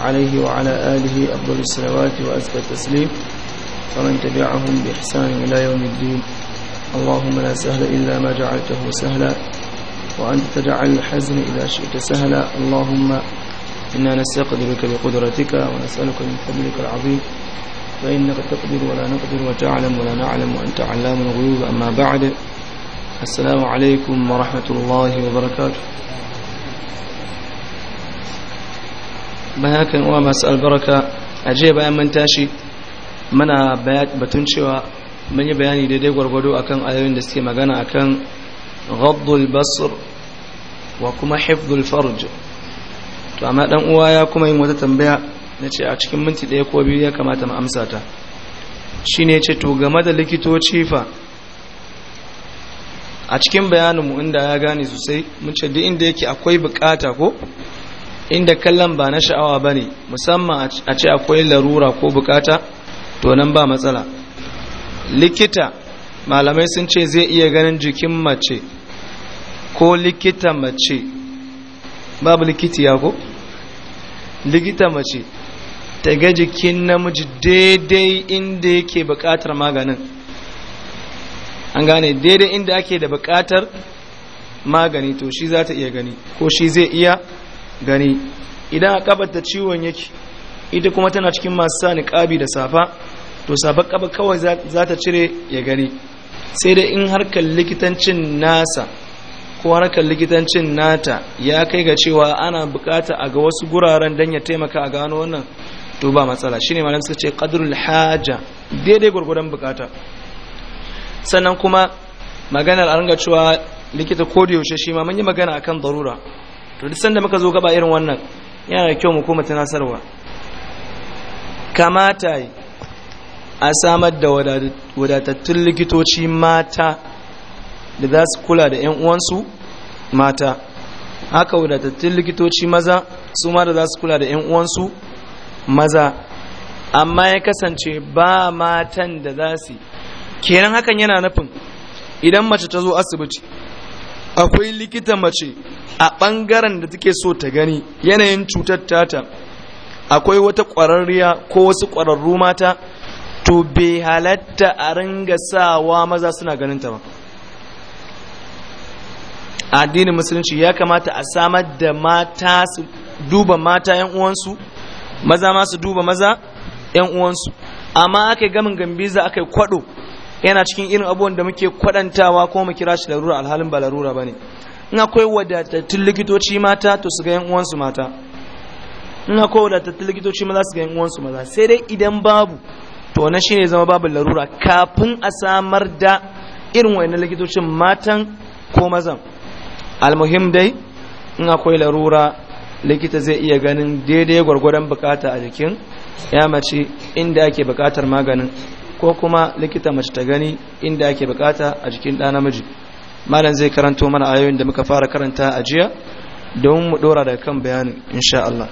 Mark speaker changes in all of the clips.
Speaker 1: عليه وعلى آله أفضل الصلوات وأزكى التسليم ومن تبعهم بإحسان إلى يوم الدين اللهم لا سهل إلا ما جعلته سهلا وأنت تجعل الحزن إذا شئت سهلا اللهم إنا نستقدرك بقدرتك ونسألك من فضلك العظيم فإنك تقدر ولا نقدر وتعلم ولا نعلم وأنت علام الغيوب أما بعد السلام عليكم ورحمة الله وبركاته bayan hakan uwa masu albarka a jiya bayan mun tashi mana batun cewa mun yi bayani daidai gwargwado akan ayoyin da suke magana akan ghaddul basr wa kuma hifdul farj to amma dan uwa ya kuma yin wata tambaya na ce a cikin minti ɗaya ko biyu ya kamata mu amsa ta shine ce to game da likitoci fa a cikin bayaninmu inda ya gane sosai mun ce duk inda yake akwai bukata ko inda kallon ba na sha'awa ba ne musamman a ce akwai larura ko bukata to nan ba matsala likita malamai sun ce zai iya ganin jikin mace ko likita mace babu likiti ya ko likita mace ta ga jikin namiji daidai inda yake bukatar maganin an gane daidai inda ake da bukatar magani to shi za ta iya gani ko shi zai iya gani idan a da ciwon yake ita kuma tana cikin masu sa niƙabi da safa to safa kaba kawai za ta cire ya gani sai dai in harkar likitancin nasa ko harkar likitancin nata ya kai ga cewa ana bukata a ga wasu guraren don ya taimaka a gano wannan to ba matsala shine malam suka ce qadrul haja daidai gwargwadon bukata sannan kuma maganar a ringa cewa likita ko da yaushe shi ma mun yi magana akan darura to duk sanda muka zo gaba irin wannan yana kyau mu koma tunasarwa kamata a samar da wadatattun likitoci mata da za su kula da 'yan uwansu mata haka wadatattun likitoci maza su ma da za su kula da 'yan uwansu maza amma ya kasance ba matan da za su kenan hakan yana nufin idan mace ta zo asibiti akwai likita mace a ɓangaren da take so ta gani yanayin cutar tata akwai wata ƙwararriya ko wasu ƙwararru mata to bai halatta a ringa sawa maza suna ganin ta ba addinin musulunci ya kamata a samar da mata su duba mata yan uwansu maza ma duba maza yan uwansu amma aka yi gamin gambiza aka yi kwado yana cikin irin abubuwan da muke kwadantawa ko mu kira shi larura alhalin ba larura bane in akwai wadatattun likitoci mata to su ga yan uwansu mata in akwai wadatattun likitoci maza su ga yan uwansu maza sai dai idan babu to na shine zama babu larura kafin a samar da irin wayannan likitocin matan ko mazan almuhim dai in akwai larura likita zai iya ganin daidai gwargwadon bukata a jikin ya mace inda ake bukatar maganin ko kuma likita mace ta gani inda ake bukata a jikin ɗa namiji malam zai karanto mana ayoyin da muka fara karanta a jiya don mu dora daga kan bayanin insha Allah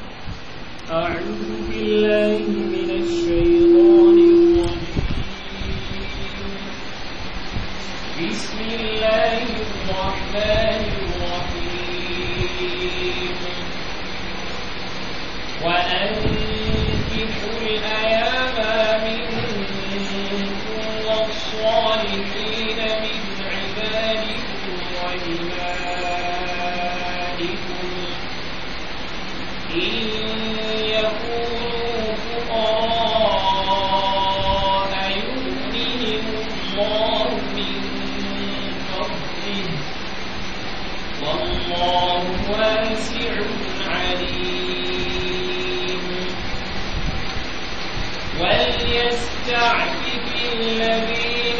Speaker 1: وأنكحوا الأيام منكم الصالحين من عبادكم وإمائكم إن يكونوا فقراء يغنهم الله من فضله والله واسع عليم وليستعفف الذين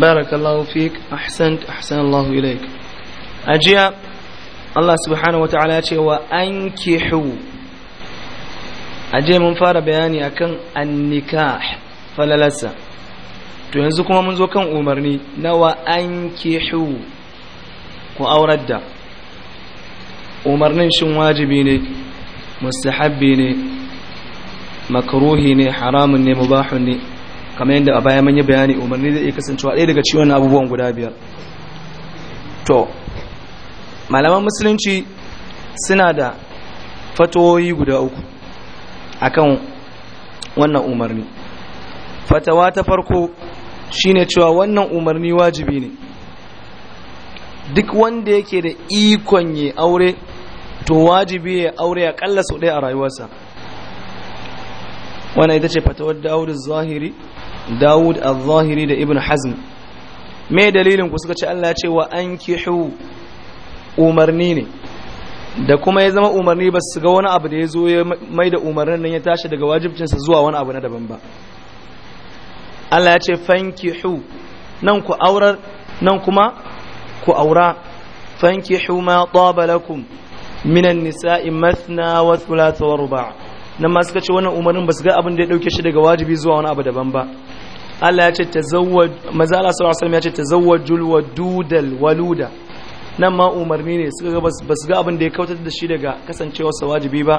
Speaker 1: barakallahu fik ahsant ahsanallahu ilaik ajiya Allah subhanahu wataala ya ce wa ankihu ajiya mun fara bayani akan annikah falalasa to yanzu kuma mun zo kan umarni na wa ankihu ku aurar da umarnin shin wajibi ne mustahabbi ne makruhi ne haramun ne mubahun ne kamar yadda a baya manya bayani umarni zai iya kasancewa ɗaya daga ciwon abubuwan guda biyar to malaman musulunci suna da fatoyi guda uku akan wannan umarni fatawa ta farko shine cewa wannan umarni wajibi ne duk wanda yake da ikon ya aure to wajibi ya aure akalla sau ɗaya a rayuwarsa wannan ita ce fatawar da zahiri Dawud al-Zahiri da Ibn Hazm me dalilin ku suka ce Allah ya ce wa ankihu umarni ne da kuma ya zama umarni ba su ga wani abu da ya zo ya mai da umarnin nan ya tashi daga wajibcinsa zuwa wani abu na daban ba Allah ya ce fankihu nan ku aurar nan kuma ku aura fankihu ma taba lakum minan nisa'i mathna wa thulatha wa ruba' nan ma suka ce wannan umarnin ba su ga abin da ya dauke shi daga wajibi zuwa wani abu daban ba Allah ya ce tazawwaj maza Allah sallallahu alaihi wasallam ya ce tazawwajul wadudal waluda nan ma umarni ne suka ga bas ga abin da ya kautar da shi daga kasancewar sa wajibi ba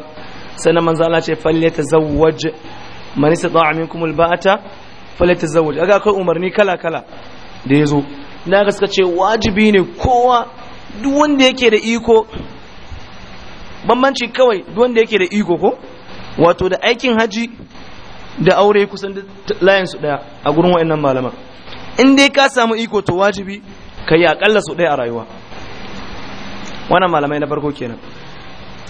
Speaker 1: sannan manzo Allah ce falyatazawwaj man istata'a minkum alba'ata falyatazawwaj aga akwai umarni kala kala da yazo na ga suka ce wajibi ne kowa duk wanda yake da iko bambanci kawai duk wanda yake da iko ko wato da aikin haji da aure kusan layin su daya a gurin wayannan malaman in dai ka samu iko to wajibi ka yi akalla su daya a rayuwa wannan malamai na farko kenan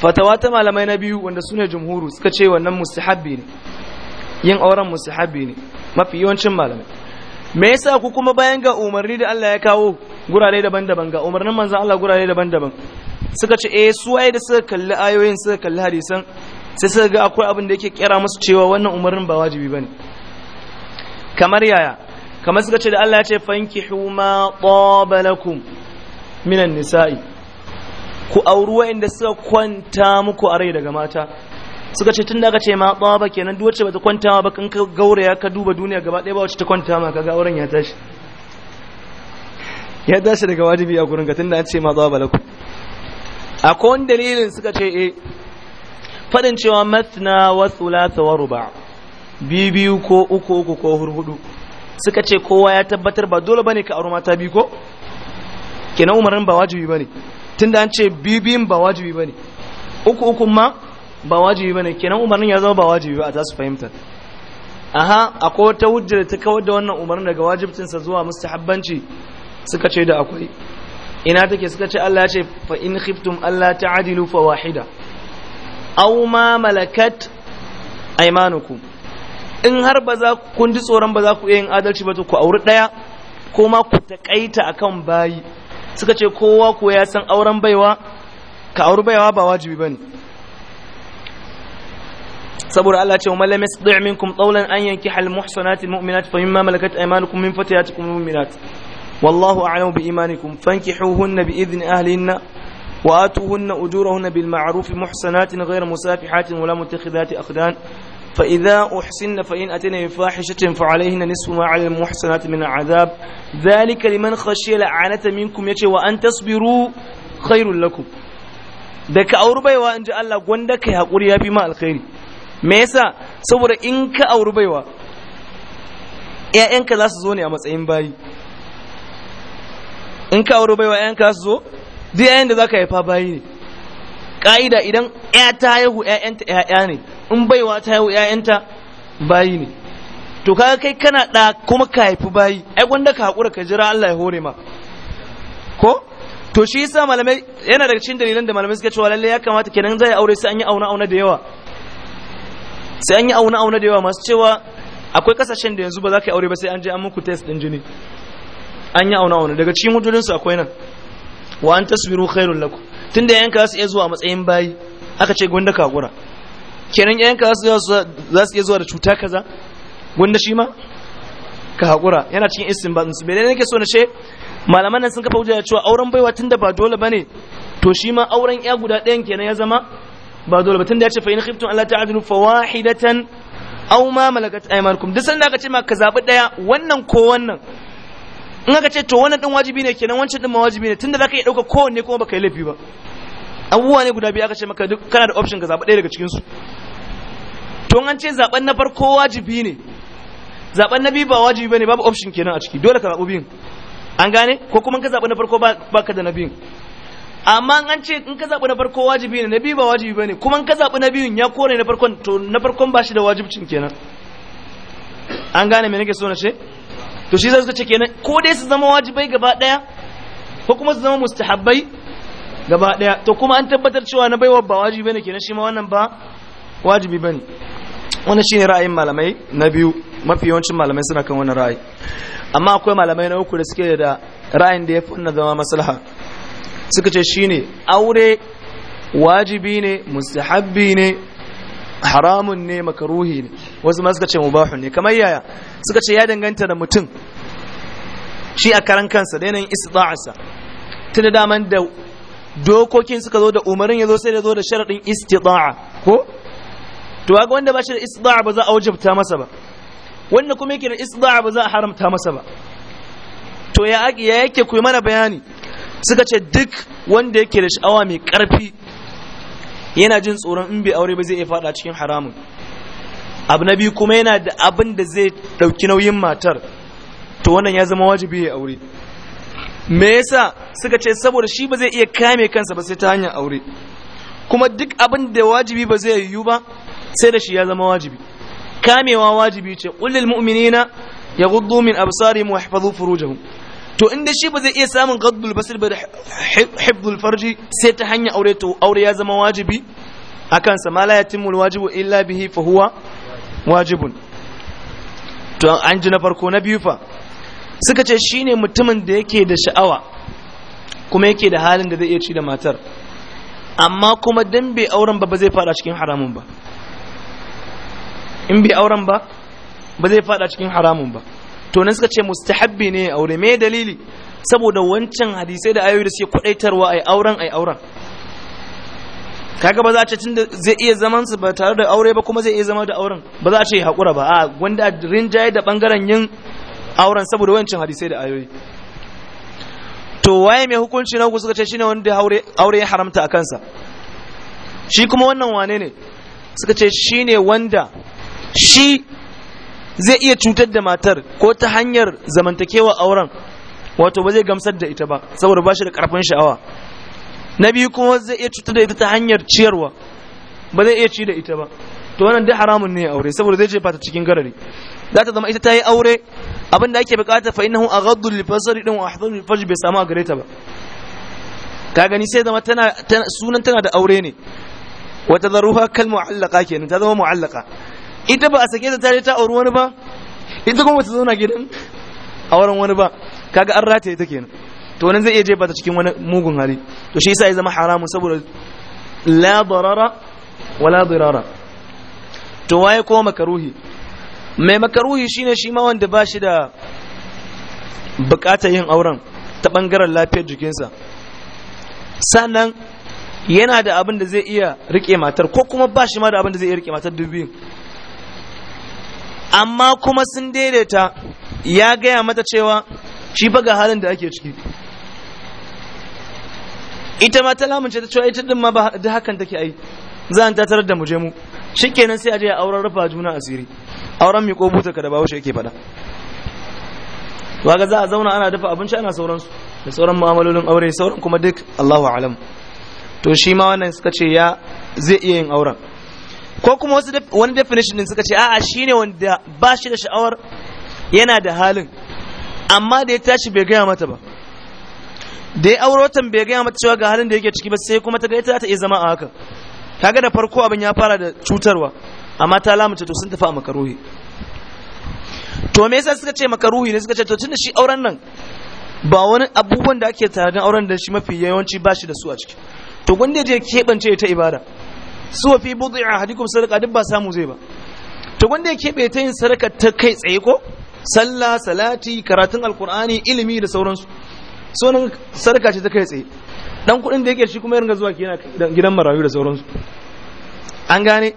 Speaker 1: fatawa ta malamai na biyu wanda sune jumhuru suka ce wannan mustahabbi ne yin auren mustahabbi ne mafi yawancin malamai me yasa ku kuma bayan ga umarni da Allah ya kawo gurare daban-daban ga umarnin manzon Allah gurare daban-daban suka ce eh su ai da suka kalli ayoyin suka kalli hadisan sai suka ga akwai abin da yake kira musu cewa wannan umarnin ba wajibi bane kamar yaya kamar suka ce da Allah ya ce fanki huma tabalakum minan nisa'i ku auri inda suka kwanta muku a rai daga mata suka ce tun da aka ce ma tsaba kenan duk wacce bata kwanta ba kan ka gauraya ka duba duniya gaba ɗaya ba wacce ta kwanta ma kaga auren ya tashi ya tashi daga wajibi a gurin ka tun da an ce ma tsaba lakum akwai wani dalilin suka ce eh fadin cewa mathna wa thulatha wa ruba biyu biyu ko uku uku ko hurhudu suka ce kowa ya tabbatar ba dole bane ka aure mata biyu ko kenan umarin ba wajibi bane tunda an ce biyu biyun ba wajibi bane uku uku ma ba wajibi bane kenan umarnin ya zama ba wajibi ba a tasu fahimtar aha akwai wata hujjar ta kawar da wannan umarnin daga wajibcinsa zuwa mustahabbanci suka ce da akwai ina take suka ce Allah ya ce fa in khiftum alla ta'dilu fa wahida aw ma malakat aymanukum in har ba za ku kun ji tsoron ba za ku iya yin adalci ba to ku auri daya ko ma ku takaita akan bayi suka ce kowa ko ya san auren baiwa ka auri baiwa ba wajibi bane saboda Allah ce wa lam yasdi' minkum qawlan an yankiha al-muhsanati al-mu'minati fa mimma malakat aymanukum min fatiyatikum al-mu'minat wallahu a'lamu bi imanikum fankihuhunna bi idni ahlinna وآتوهن أجورهن بالمعروف محسنات غير مسافحات ولا متخذات أخدان فإذا أحسن فإن أتينا بفاحشة فعليهن نصف ما على المحسنات من العذاب ذلك لمن خشي لعنة منكم يتي وأن تصبروا خير لكم دك أوربيوا إن جاء الله وندك يا بما الخير ميسا صور إنك أوربي يا إنك لا سزوني أما سعين باي إنك أوربيوا إنك لا duk yayin da zaka haifa bayi ne ka'ida idan ya ta haihu ƴaƴanta ƴaƴa ne in baiwa ta haihu ƴaƴanta bayi ne to kaga kai kana da kuma ka haifi bayi ai gwanda ka hakura ka jira Allah ya hore ma ko to shi yasa malamai yana daga cikin dalilan da malamai suka cewa lalle ya kamata kenan zai aure sai an yi auna auna da yawa sai an yi auna auna da yawa masu cewa akwai kasashen da yanzu ba za ka yi aure ba sai an je an muku test din jini an yi auna auna daga cikin mutulinsu akwai nan wa an tasbiru khairul lakum tunda yanka su iya zuwa matsayin bayi aka ce gwanda gura kenan yanka za su iya zuwa da cuta kaza gwanda shi ma ka hakura yana cikin istinbatin su bai nake so na ce malaman nan sun kafa hujja cewa auren baiwa tunda ba dole bane to shi ma auren ya guda ɗayan kenan ya zama ba dole ba tunda ya ce fa in khiftum alla ta'dilu wahidatan aw ma malakat aymanukum duk sanda aka ce ma ka zabi daya wannan ko wannan in aka ce to wannan din wajibi ne kenan wancan din ma wajibi ne tunda zaka iya dauka kowanne kuma baka yi laifi ba abubuwa ne guda biyu aka ce maka duk kana da option ka zaɓi ɗaya daga cikin su to an ce zaɓen na farko wajibi ne zaɓen na biyu ba wajibi bane babu option kenan a ciki dole ka zaɓi biyun an gane ko kuma ka zaɓi na farko ba ka da na biyun amma an ce in ka zaɓi na farko wajibi ne na biyu ba wajibi bane kuma ka zaɓi na biyun ya kore na farkon to na farkon ba shi da wajibcin kenan an gane me nake so na ce to shi zai suka ce kenan ko dai su zama wajibai gaba daya ko kuma su zama mustahabbai gaba daya to kuma an tabbatar cewa na baiwa ba wajibi bane kenan shi ma wannan ba wajibi bane wannan shine ra'ayin malamai na biyu mafi yawancin malamai suna kan wannan ra'ayi amma akwai malamai na uku da suke da ra'ayin da yafi wannan zama maslaha suka ce shine aure wajibi ne mustahabbi ne haramun ne makaruhi ne wasu ma suka ce mubahun ne kamar yaya suka ce ya danganta da mutum shi a karan kansa da yanayin istita'arsa tunda daman da dokokin suka zo da umarin ya zo sai da zo da sharaɗin istita'a ko to ga wanda ba shi da istita'a ba za a wajabta masa ba wanda kuma yake da istita'a ba za a haramta masa ba to ya yake ku mana bayani suka ce duk wanda yake da sha'awa mai karfi. yana jin tsoron in bai aure ba zai iya fada cikin haramun abu na biyu kuma yana da abin da zai ɗauki nauyin matar to wannan ya zama wajibi ya aure me yasa suka ce saboda shi ba zai iya kame kansa ba sai ta hanyar aure kuma duk abin da wajibi ba zai yiwu ba sai da shi ya zama wajibi kamewa wajibi ce qul lil mu'minina yaghuddu min absarihim wa yahfazu furujahum to inda shi ba zai iya samun gaddul basir ba da hibdul farji sai ta hanya aure to aure ya zama wajibi a kansa ma la yatimul wajibu illa bihi fa huwa wajibun to an ji na farko na biyu fa suka ce shine mutumin da yake da sha'awa kuma yake da halin da zai iya ci da matar amma kuma dan bai auren ba ba zai fada cikin haramun ba in bai auren ba ba zai fada cikin haramun ba to nan suka ce mustahabbi ne aure me dalili saboda wancan hadisai da ayoyi da suke kudaitarwa ai auren ai auren kaga ba za a ce tunda zai iya zaman su ba tare da aure ba kuma zai iya zama da auren ba za a ce hakura ba a wanda rinjaye da bangaren yin auren saboda wancan hadisai da ayoyi to waye mai hukunci na suka ce shine wanda aure ya haramta a kansa shi kuma wannan wane ne suka ce shine wanda shi zai iya cutar da matar ko ta hanyar zamantakewa auren wato ba zai gamsar da ita ba saboda ba shi da karfin sha'awa na biyu kuma zai iya cutar da ita ta hanyar ciyarwa ba zai iya ci da ita ba to wannan dai haramun ne aure saboda zai jefa ta cikin garari za ta zama ita ta yi aure abin da ake bukata fa innahu aghaddu lil fasari din wa ahdhu lil fajr bai samu a gare ta ba ka gani sai zama tana sunan tana da aure ne wata zaruha kal mu'allaqa kenan ta zama mu'allaqa ita ba a sake ta tare ta auri wani ba ita kuma ta zauna gidan a wurin wani ba kaga an rataye ita kenan to nan zai iya jefa ta cikin wani mugun hali to shi yasa ya zama haramun saboda la darara wala dirara to waye ko makaruhi mai makaruhi shine shi ma wanda ba shi da bukatar yin auren ta bangaren lafiyar jikinsa sannan yana da abin da zai iya rike matar ko kuma ba shi ma da abin da zai iya rike matar dubi? amma kuma sun daidaita ya gaya mata cewa shi fa ga halin da ake ciki ita ma ta lamunce ta cewa ita din ma ba da hakan take ai za ta tatar da muje mu shikenan sai a je a auren rufa juna asiri auren mi ko buta ka da bawo shi yake faɗa waga za a zauna ana dafa abinci ana sauransu da sauran mu'amalolin aure sauran kuma duk Allahu alam to shi ma wannan suka ce ya zai iya yin auren ko kuma wasu wani definition din suka ce a'a shine wanda ba shi da sha'awar yana da halin amma da ya tashi bai gaya mata ba da ya auro ta bai gaya mata cewa ga halin da yake ciki ba sai kuma ta ga ita ta iya zama a haka kaga da farko abin ya fara da cutarwa amma ta lamunta to sun tafi a makaruhi to me yasa suka ce makaruhi ne suka ce to tunda shi auren nan ba wani abubuwan da ake tare da auren da shi mafi yawanci ba shi da su a ciki to gwanda je keɓance ta ibada suwa fi budu a hadikum sadaka duk ba samu zai ba to wanda ya keɓe ta yin sadaka ta kai tsaye ko sallah salati karatun alkur'ani ilimi da sauransu sunan sadaka ce ta kai tsaye dan kuɗin da yake shi kuma ya ringa zuwa gidan marayu da sauransu an gane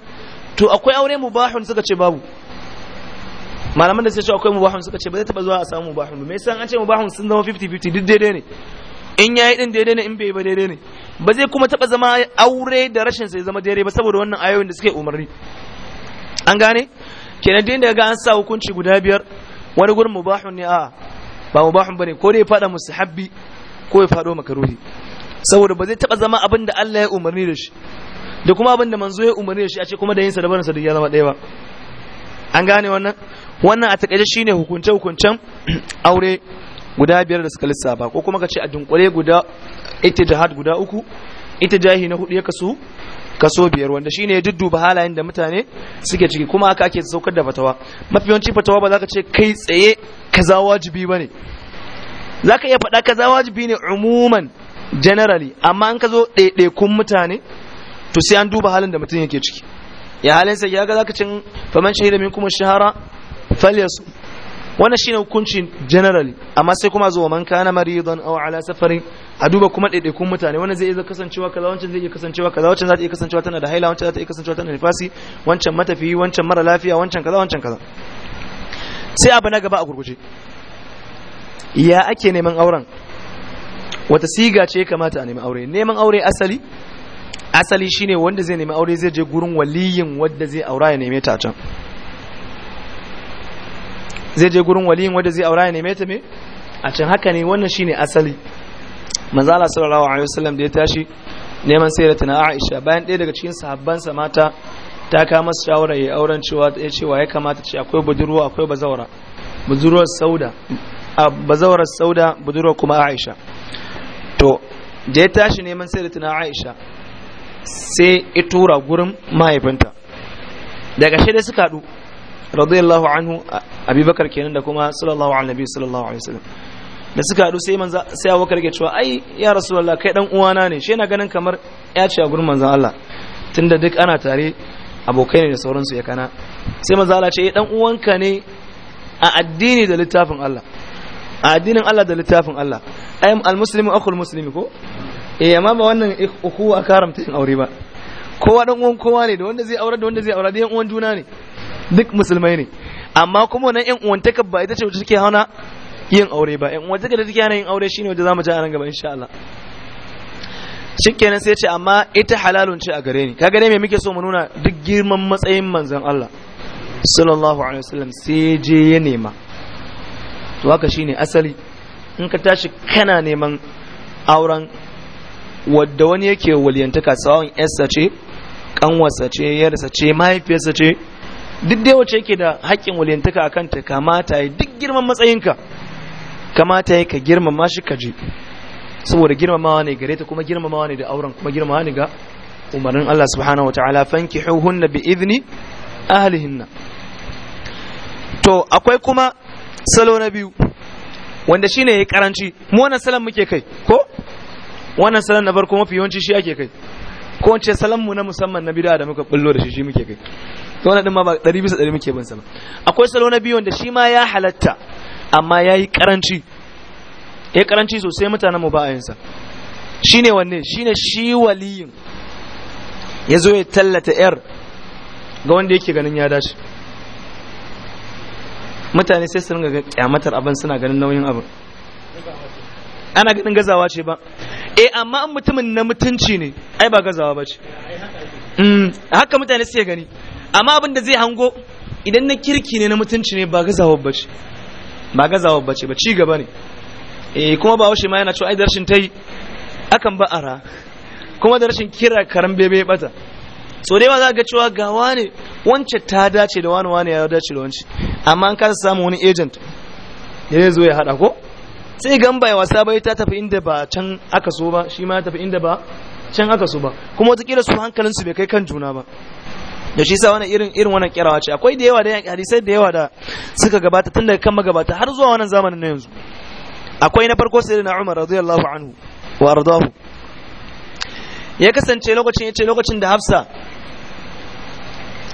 Speaker 1: to akwai aure mubahun suka ce babu malaman da sai shi akwai mubahun suka ce ba zai taɓa zuwa a samu mubahun me yasa an ce mubahun sun zama 50-50 duk daidai ne in yayi din daidai ne in bai ba daidai ne ba zai kuma taɓa zama aure da rashin sai zama dare ba saboda wannan ayoyin da suke umarni an gane kenan din da ga an sa hukunci guda biyar wani gurin mubahun ne a ba mubahun bane ko dai fada musahabbi ko ya fado makaruhi saboda ba zai taɓa zama abin da Allah ya umarni da shi da kuma abin da manzo ya umarni da shi a ce kuma da yin sa da barinsa da duk ya zama ɗaya ba an gane wannan wannan a takaice shine hukunce hukuncen aure guda biyar da suka lissafa ko kuma ka ce a dunkule guda Ita jihad guda uku ita jahi na hudu ya kaso kaso biyar wanda shine ya dudduba halayen da mutane suke ciki kuma haka ake saukar da fatawa mafi yawanci fatawa ba za ka ce kai tsaye kaza wajibi ne za ka iya faɗa kaza wajibi ne umuman generally amma an ka zo ɗaiɗaikun mutane to sai an duba halin da mutum yake ciki ya halin sai ya ga za ka cin faman da min kuma shahara falyasu wannan shine hukuncin generally amma sai kuma zo man kana maridan aw ala safarin a duba kuma ɗaiɗaikun mutane wanda zai iya kasancewa kaza wancan zai iya kasancewa kaza wancan za ta iya kasancewa tana da haila wancan za ta iya kasancewa tana da nifasi wancan matafiyi wancan mara lafiya wancan kaza wancan kaza sai abu na gaba a gurguje ya ake neman auren wata siga ce kamata a nemi aure neman aure asali asali shine wanda zai nemi aure zai je gurin waliyin wanda zai aura ya neme ta can zai je gurin waliyin wanda zai aura ya neme ta me a can haka ne wannan shine asali manzala sallallahu alaihi wasallam da ya tashi neman sai tana Aisha bayan ɗaya daga cikin sa mata ta kawo masa shawara ya auren cewa ya cewa ya kamata ce akwai budurwa akwai bazawara budurwar sauda a bazawarar sauda budurwar kuma Aisha to da ya tashi neman sai tana Aisha sai ya tura gurin mahaifinta daga shi da suka haɗu radiyallahu anhu abubakar kenan da kuma sallallahu sallallahu alaihi wasallam da suka haɗu sai manzo sai Abubakar ke cewa ai ya Rasulullah kai dan uwana ne shi yana ganin kamar ya ce a gurin manzon Allah tunda duk ana tare abokai ne da sauransu ya kana sai manzo Allah ce dan eh, uwanka ne a addini da littafin Allah a addinin Allah da littafin Allah ai almuslimu akhul muslimi ko eh amma ba wannan ukuwa karamta yin aure ba kowa dan uwan kowa ne da wanda zai aure da wanda zai aure da yan uwan juna ne duk musulmai ne amma kuma wannan yan uwantaka ba ita ce wacce take hauna yin aure ba in uwa da take yin aure shine waje zamu ci a nan gaba insha Allah shikenan sai ce amma ita halalun ce a gare ni kaga dai me muke so mu nuna duk girman matsayin manzon Allah sallallahu alaihi wasallam sai je ya nema to haka shine asali in ka tashi kana neman auren wadda wani yake waliyantaka sawan yarsa ce kanwarsa ce yarsa ce mahaifiyarsa ce duk dai wacce yake da haƙƙin waliyantaka akan ta kamata ya duk girman matsayinka kamata ya ka girmama shi ka ji saboda girmamawa ne gare ta kuma girmamawa ne da auren kuma girmamawa ne ga umarnin Allah subhanahu wa ta'ala fankihuhunna bi idni ahlihinna to akwai kuma salo na biyu wanda shine yayi karanci mu wannan salon muke kai ko wannan salon na farko mafi yawanci shi ake kai ko wance salon mu na musamman na bid'a da muka bullo da shi shi muke kai to wannan din ma ba 100 bisa 100 muke bin salon akwai salo na biyu wanda shi ma ya halatta amma ya yi karanci ya karanci sosai mutanen mu ba'ayinsa shi ne wanne shi ne shi waliyin ya zo ya tallata yar ga wanda yake ganin ya dace mutane sai su ringa kyamatar abin suna ganin nauyin abin ana ganin gazawa ce ba e amma an mutumin na mutunci ne ai ba gazawa ba ce hmm, haka mutane suke gani amma abin da zai hango idan na kirki ne na mutunci ne ba gazawa ba ce ba gazawa bace ba ci gaba ne eh kuma ba washe ma yana cewa ai da rashin tai akan ba ara kuma da rashin kira karan bebe bata so dai za ga cewa ga wane wance ta dace da wani wani ya dace da wance amma an kasa samu wani agent ya zo ya hada ko sai gan bai wasa bai ta tafi inda ba can aka so ba shi ma ya tafi inda ba can aka so ba kuma wata kila su hankalinsu bai kai kan juna ba da shi sa wani irin irin wannan kirawa ce akwai da yawa da hadisai da yawa da suka gabata tun daga kan magabata har zuwa wannan zamanin na yanzu akwai na farko sai na Umar radiyallahu anhu wa ardahu ya kasance lokacin ya ce lokacin da Hafsa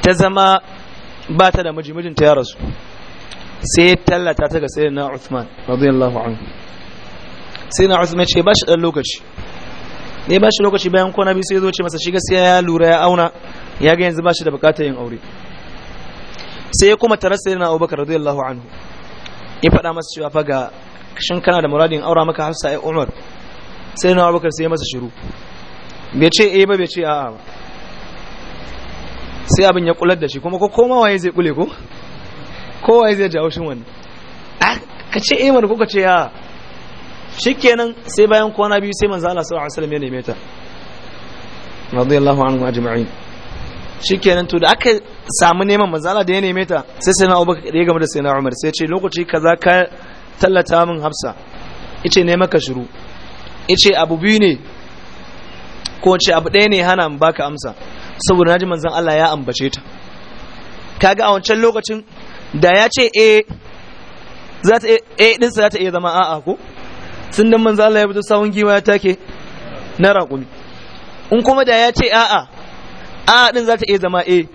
Speaker 1: ta zama ba ta da miji ta ya rasu sai ya tallata ta ga sayyidina Uthman radiyallahu anhu sayyidina Uthman ce ba shi dan lokaci ne ba shi lokaci bayan kwana biyu sai ya zo ce masa shi gaskiya ya lura ya auna ya ga yanzu ba shi da bukatar yin aure sai ya kuma tarasa yana abubakar radiyallahu anhu ya faɗa masa cewa fa ga shin kana da muradin aura maka hafsa ai umar sai na abubakar sai ya masa shiru bai ce eh ba bai ce a'a ba sai abin ya kular da shi kuma ko koma waye zai kule ko kowa zai jawo shi wannan ka ce eh mana kuka ce Shi shikenan sai bayan kwana biyu sai manzo Allah sallallahu alaihi wasallam ya neme ta radiyallahu anhu ajma'in shikenan to da aka samu neman manzala da ya neme ta sai sai na da ya game da sai na umar sai ce lokaci kaza ka tallata min hafsa ice ne maka shiru ice abu biyu ne ko ce abu ɗaya ne hana mu baka amsa saboda naji manzon Allah ya ambace ta kaga a wancan lokacin da ya ce eh za ta eh din eh, sa za ta iya zama a'a ko sun dan manzon Allah ya fito sawun giwa ya take na raƙumi in kuma da ya ce a'a a din za ta iya zama a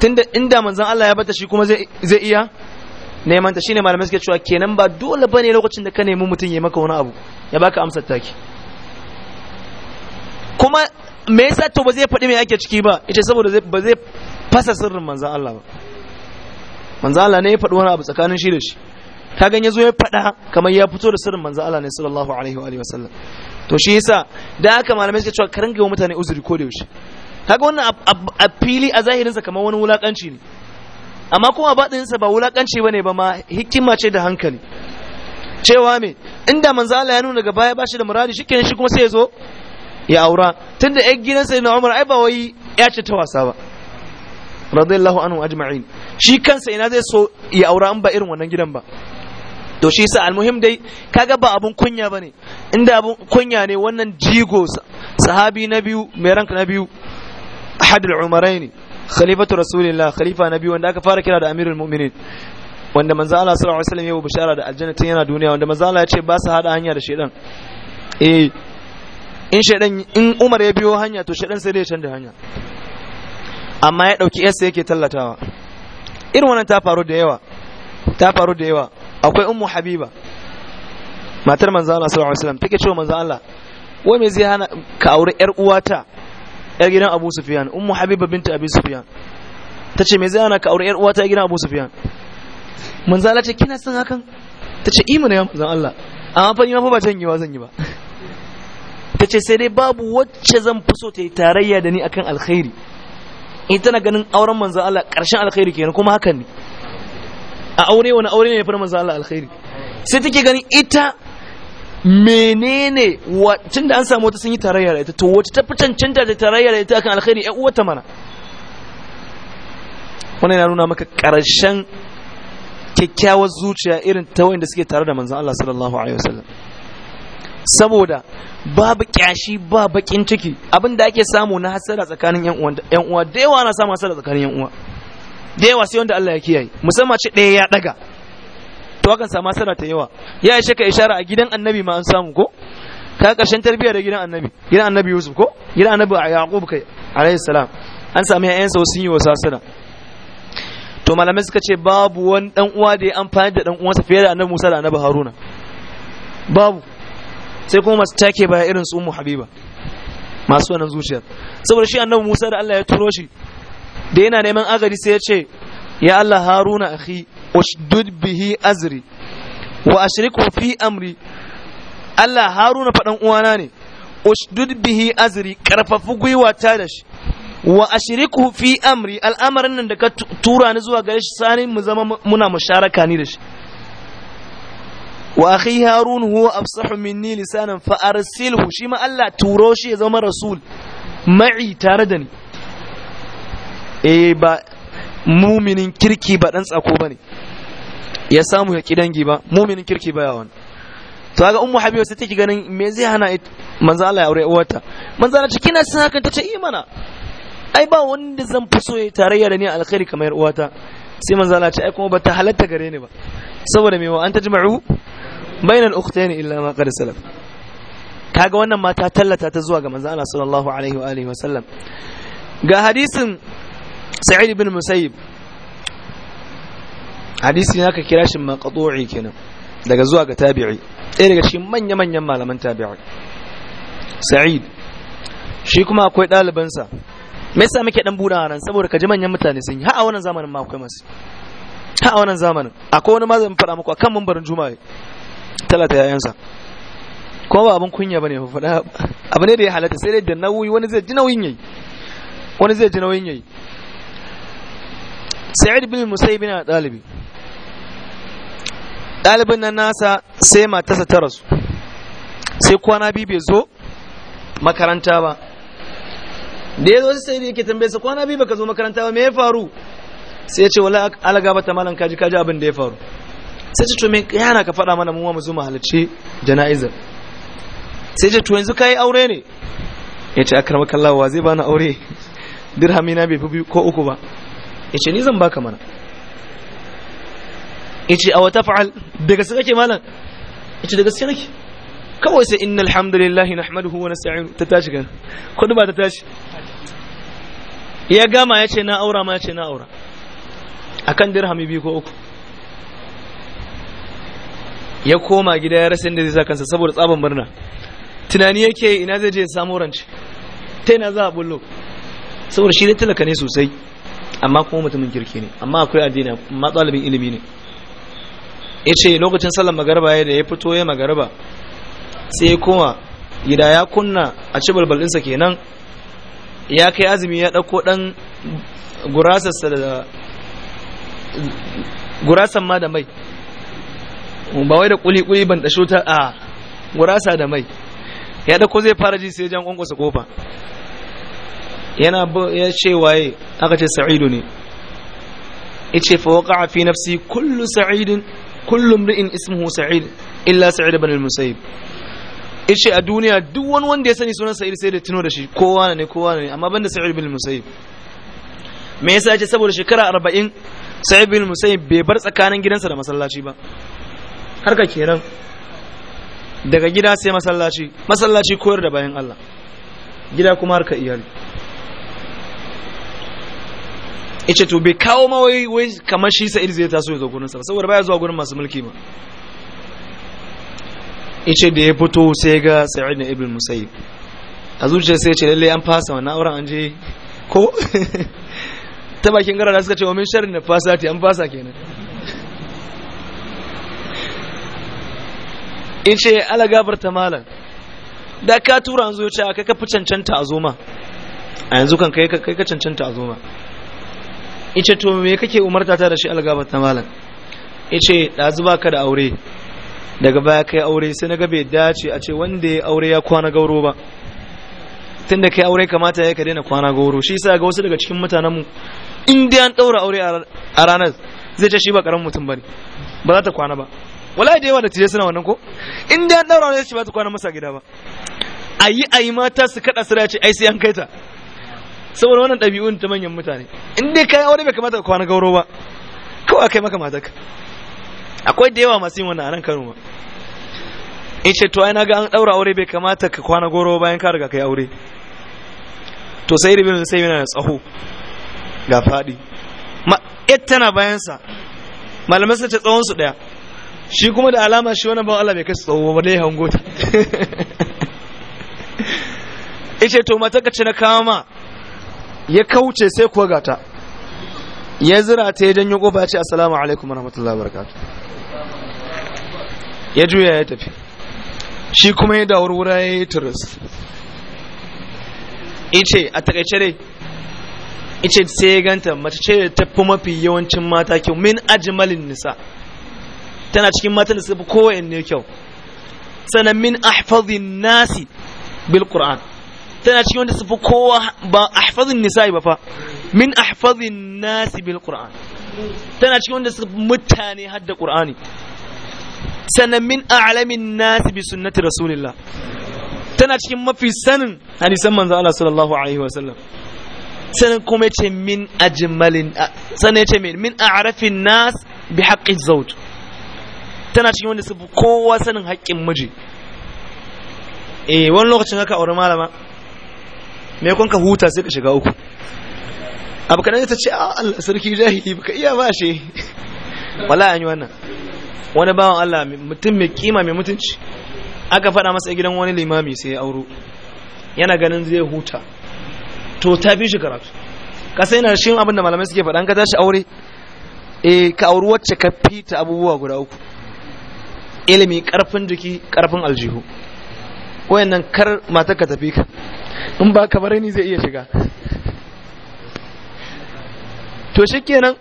Speaker 1: tunda inda manzon Allah ya bata shi kuma zai iya neman ta shine malamai suke cewa kenan ba dole bane lokacin da ka nemi mutum ya maka wani abu ya baka amsar taki kuma me yasa to ba zai faɗi me yake ciki ba ita saboda ba zai fasa sirrin manzon Allah ba manzon Allah ne ya faɗi wani abu tsakanin shi da shi ka ganye zo ya faɗa kamar ya fito da sirrin manzon Allah ne sallallahu alaihi wa sallam to shi yasa da haka malamai suke cewa ka ringa mutane uzuri ko da yaushe kaga wannan a fili a zahirinsa kamar wani wulakanci ne amma kuma baɗinsa ba wulakanci ne ba ma hikima ce da hankali cewa me inda manzo Allah ya nuna daga baya ba shi da muradi shikenan shi kuma sai ya zo ya aura tunda gidan sai na Umar ai ba wai ya ce ta wasa ba radiyallahu anhu ajma'in shi kansa ina zai so ya aura an ba irin wannan gidan ba to shi yasa almuhim dai kaga ba abun kunya bane inda abun kunya ne wannan jigo sahabi na biyu mai ranka na biyu ahad al-umaraini khalifatu rasulillah khalifa nabi wanda aka fara kira da amirul mu'minin wanda manzo Allah sallallahu alaihi wasallam ya bishara da aljanna tun yana duniya wanda manzo Allah ya ce ba su hada hanya da shedan eh in shedan in Umar ya biyo hanya to shedan sai ya canza hanya amma ya dauki yarsa yake tallatawa irin wannan ta faru da yawa ta faru da yawa akwai ummu habiba matar manzo Allah sallallahu alaihi wasallam take cewa manzo Allah wai me zai hana ka aure yar uwata yar gidan abu Sufyan ummu habiba binta abi Sufyan ta ce me zai ana ka aure yar uwata yar gidan abu sufiyan manzala ce kina son hakan ta ce ne ya Allah amma fa ina fa ba janyewa zan yi ba ta ce sai dai babu wacce zan fi so ta yi tarayya da ni akan alkhairi in tana ganin auren manzan Allah ƙarshen alkhairi kenan kuma hakan ne a aure wani aure ne ya fara manzan Allah alkhairi sai take ganin ita menene tun da an samu wata sun yi tarayya da ita to wata ta fi cancanta da tarayya da ita akan alkhairi ya uwata mana wannan yana nuna maka ƙarshen kyakkyawar zuciya irin ta wanda suke tare da manzan Allah sallallahu alaihi wasallam saboda babu kyashi ba bakin ciki abinda ake samu na hasara tsakanin yan uwa da yawa na samu hasara tsakanin yan uwa da yawa sai wanda Allah ya kiyaye musamman ce ɗaya ya ɗaga to akan samu sana ta yawa ya ishe ka ishara a gidan annabi ma an samu ko ka karshen tarbiyya da gidan annabi gidan annabi yusuf ko gidan annabi yaqub kai alayhi salam an samu yayan sa sun yi wasa sana to malamai suka ce babu wani dan uwa da ya amfani da dan uwansa fiye da annabi musa da annabi haruna babu sai kuma masu take baya irin su ummu habiba masu wannan zuciyar saboda shi annabi musa da allah ya turo shi da yana neman agari sai ya ce ya allah haruna akhi ushdud bihi azri wa ashriku fi amri Allah Haruna faɗan uwana ne ushdud bihi azri karfafu gwiwata da shi wa ashriku fi amri al'amarin nan da ka tura ni zuwa gare shi sani mu zama muna musharaka ni da shi wa akhi harun huwa afsahu minni lisanan fa arsilhu shi ma Allah turo shi ya zama rasul ma'i tare da ni eh ba muminin kirki ba dan tsako bane ya samu ya ki dangi ba muminin kirki baya wani to ga ummu habiba sai take ganin me zai hana manzo Allah ya aure uwarta manzo Allah cikin sun hakan tace i eh mana ai ba wanda zan fi so ya tarayya da ni alkhairi kamar uwata sai manzo Allah ce ai kuma bata halatta gare ni ba saboda me wa an tajma'u bainal ukhtayn illa ma qad salaf kaga wannan mata tallata ta zuwa ga manzo Allah sallallahu alaihi wa alihi wa sallam ga hadisin Sa'id ibn Musayyib hadisi na aka kira shi maqdu'i kenan daga zuwa ga tabi'i ɗaya daga cikin manya manyan malaman tabi'i sa'id shi kuma akwai ɗalibansa me yasa muke dan buɗa nan saboda ka ji manyan mutane sun yi ha a wannan zamanin ma akwai masu ha a wannan zamanin akwai wani ma mazan faɗa muku akan mumbarin juma'a talata yayansa kuma ba abin kunya bane ba faɗa abu ne da ya halatta sai dai da nauyi wani zai ji nauyin yayi wani zai ji nauyin yayi sa'id bin musayyib yana dalibi ɗalibin nan nasa sai matasa ta rasu sai kwana biyu bai zo makaranta ba da ya zo sai sai yake tambaye sa kwana biyu baka zo makaranta ba me ya faru sai ya ce wala alaga bata malam kaji kaji abin da ya faru sai ce to me yana ka faɗa mana mu mu zo mu halarci jana'izar sai ce to yanzu kai aure ne ya ce akramakallahu kallawa zai bani aure dirhami na bai fi ko uku ba ya ce ni zan baka mana yace aw taf'al daga gaske kake malam yace daga gaske nake kawai sai innal hamdalillahi nahmaduhu wa nasta'inu ta tashi kan kudu ba ta tashi ya gama yace na aura ma yace na aura akan dirhami biyu ko uku ya koma gida ya rasa inda zai sa kansa saboda tsaban murna tunani yake ina zai je ya samu ranci ta ina za a bullo saboda shi dai talaka ne sosai amma kuma mutumin kirki ne amma akwai addini amma ɗalibin ilimi ne ce lokacin sallar magarba ya da ya fito ya magarba sai kuma gida ya kunna a ci balbalinsa kenan ya kai azumi ya ɗauko ɗan gurasarsa da gurasan ma da mai ba wai da kuli-kuli ban ɗasho ta a gurasa da mai ya ɗauko zai fara ji sai jan ƙwanƙwasa ƙofa yana ya ce waye aka ce sa'idu ne ya ce fa waƙa fi nafsi kullu sa'idin كل امرئ ismuhu sa'id الا سعيد بن المسيب ishe a duniya duk wani wanda ya sani sunan sa'id sai da tuno da shi kowa ne kowa ne amma banda sa'id ibn musayyib me yasa yace saboda shekara 40 sa'id bin musayyib bai bar tsakanin gidansa da masallaci ba har ka kiran daga gida sai masallaci masallaci koyar da bayan Allah gida kuma har ka iyali ce to bai kawo ma wai wai kamar shi sa'id zai taso ya zo gurin sa saboda baya zuwa gurin masu mulki ba ce da ya fito sai ga sa'id ibn musayyib a zuciya sai ce lalle an fasa wannan auren an je ko ta bakin garara da suka ce wa min sharri na ta an fasa kenan ce ala gabar ta malam da ka tura an zo ya ce ka ka fi cancanta a zoma a yanzu kan kai ka cancanta a zoma ice to me kake umarta ta da shi algabar ta malam ice ɗazu ka da aure daga baya kai aure sai na ga bai dace a ce wanda ya aure ya kwana gauro ba tun da kai aure kamata ya ka daina kwana gauro shi sa ga wasu daga cikin mutanenmu in dai an ɗaura aure a ranar zai ce shi ba karamin mutum ba ne ba za ta kwana ba wala da yawa da tije suna wannan ko in dai an ɗaura aure shi ba ta kwana masa gida ba a yi mata su kaɗa su ce ai sai an kai ta saboda wannan ɗabi'un ta manyan mutane in dai kayan aure bai kamata ka kwana gauro ba kawai kai maka matarka akwai da yawa masu yin wannan a nan Kano ma in ce to ai na ga an ɗaura aure bai kamata ka kwana goro bayan ka riga kai aure to sai ribin sai yana da tsaho ga faɗi ma tana sa. malamai sun ce tsawon su ɗaya shi kuma da alama shi wani ban Allah bai kai tsawo ba dai hango ta ice to mata ka ce na kama? ya kauce sai kuwa gata ya zira ta ya janyo kofa ya ce assalamu alaikum wa rahmatullahi wa ya juya ya tafi shi kuma ya dawar wura ya yi turis ice a takaice dai ice sai ya ganta mace ce ta fi mafi yawancin mata kyau min ajimalin nisa tana cikin mata da suka fi kowa ne kyau sannan min ahfazin nasi bil qur'an tana cikin wanda su fi kowa ba ahfazin nisa'i ba fa min ahfazin nasi bil qur'an tana cikin wanda su mutane hadda qur'ani sannan min a'lamin nasi bi sunnati rasulillah tana cikin mafi sanin hadisan manzo Allah sallallahu alaihi wa sallam sanin kuma yace min ajmalin sanin yace min min a'rafin nas bi haqqi zawj tana cikin wanda su kowa sanin haƙƙin miji eh wani lokacin haka aure malama me kun ka huta sai ka shiga uku abu kadan ta ce a ah, Allah sarki jahili baka iya ba shi wallahi an yi wannan wani bawan Allah mutum mai kima mai mutunci aka faɗa masa gidan wani limami sai ya auro yana ganin zai huta to ta fi shi karatu kasa na shi abin da malamai suke an ka tashi aure eh ka auri wacce ka fita abubuwa guda uku ilimi karfin jiki karfin aljihu wayannan kar matar ka tafi ka in ba ka ni zai iya shiga to shikenan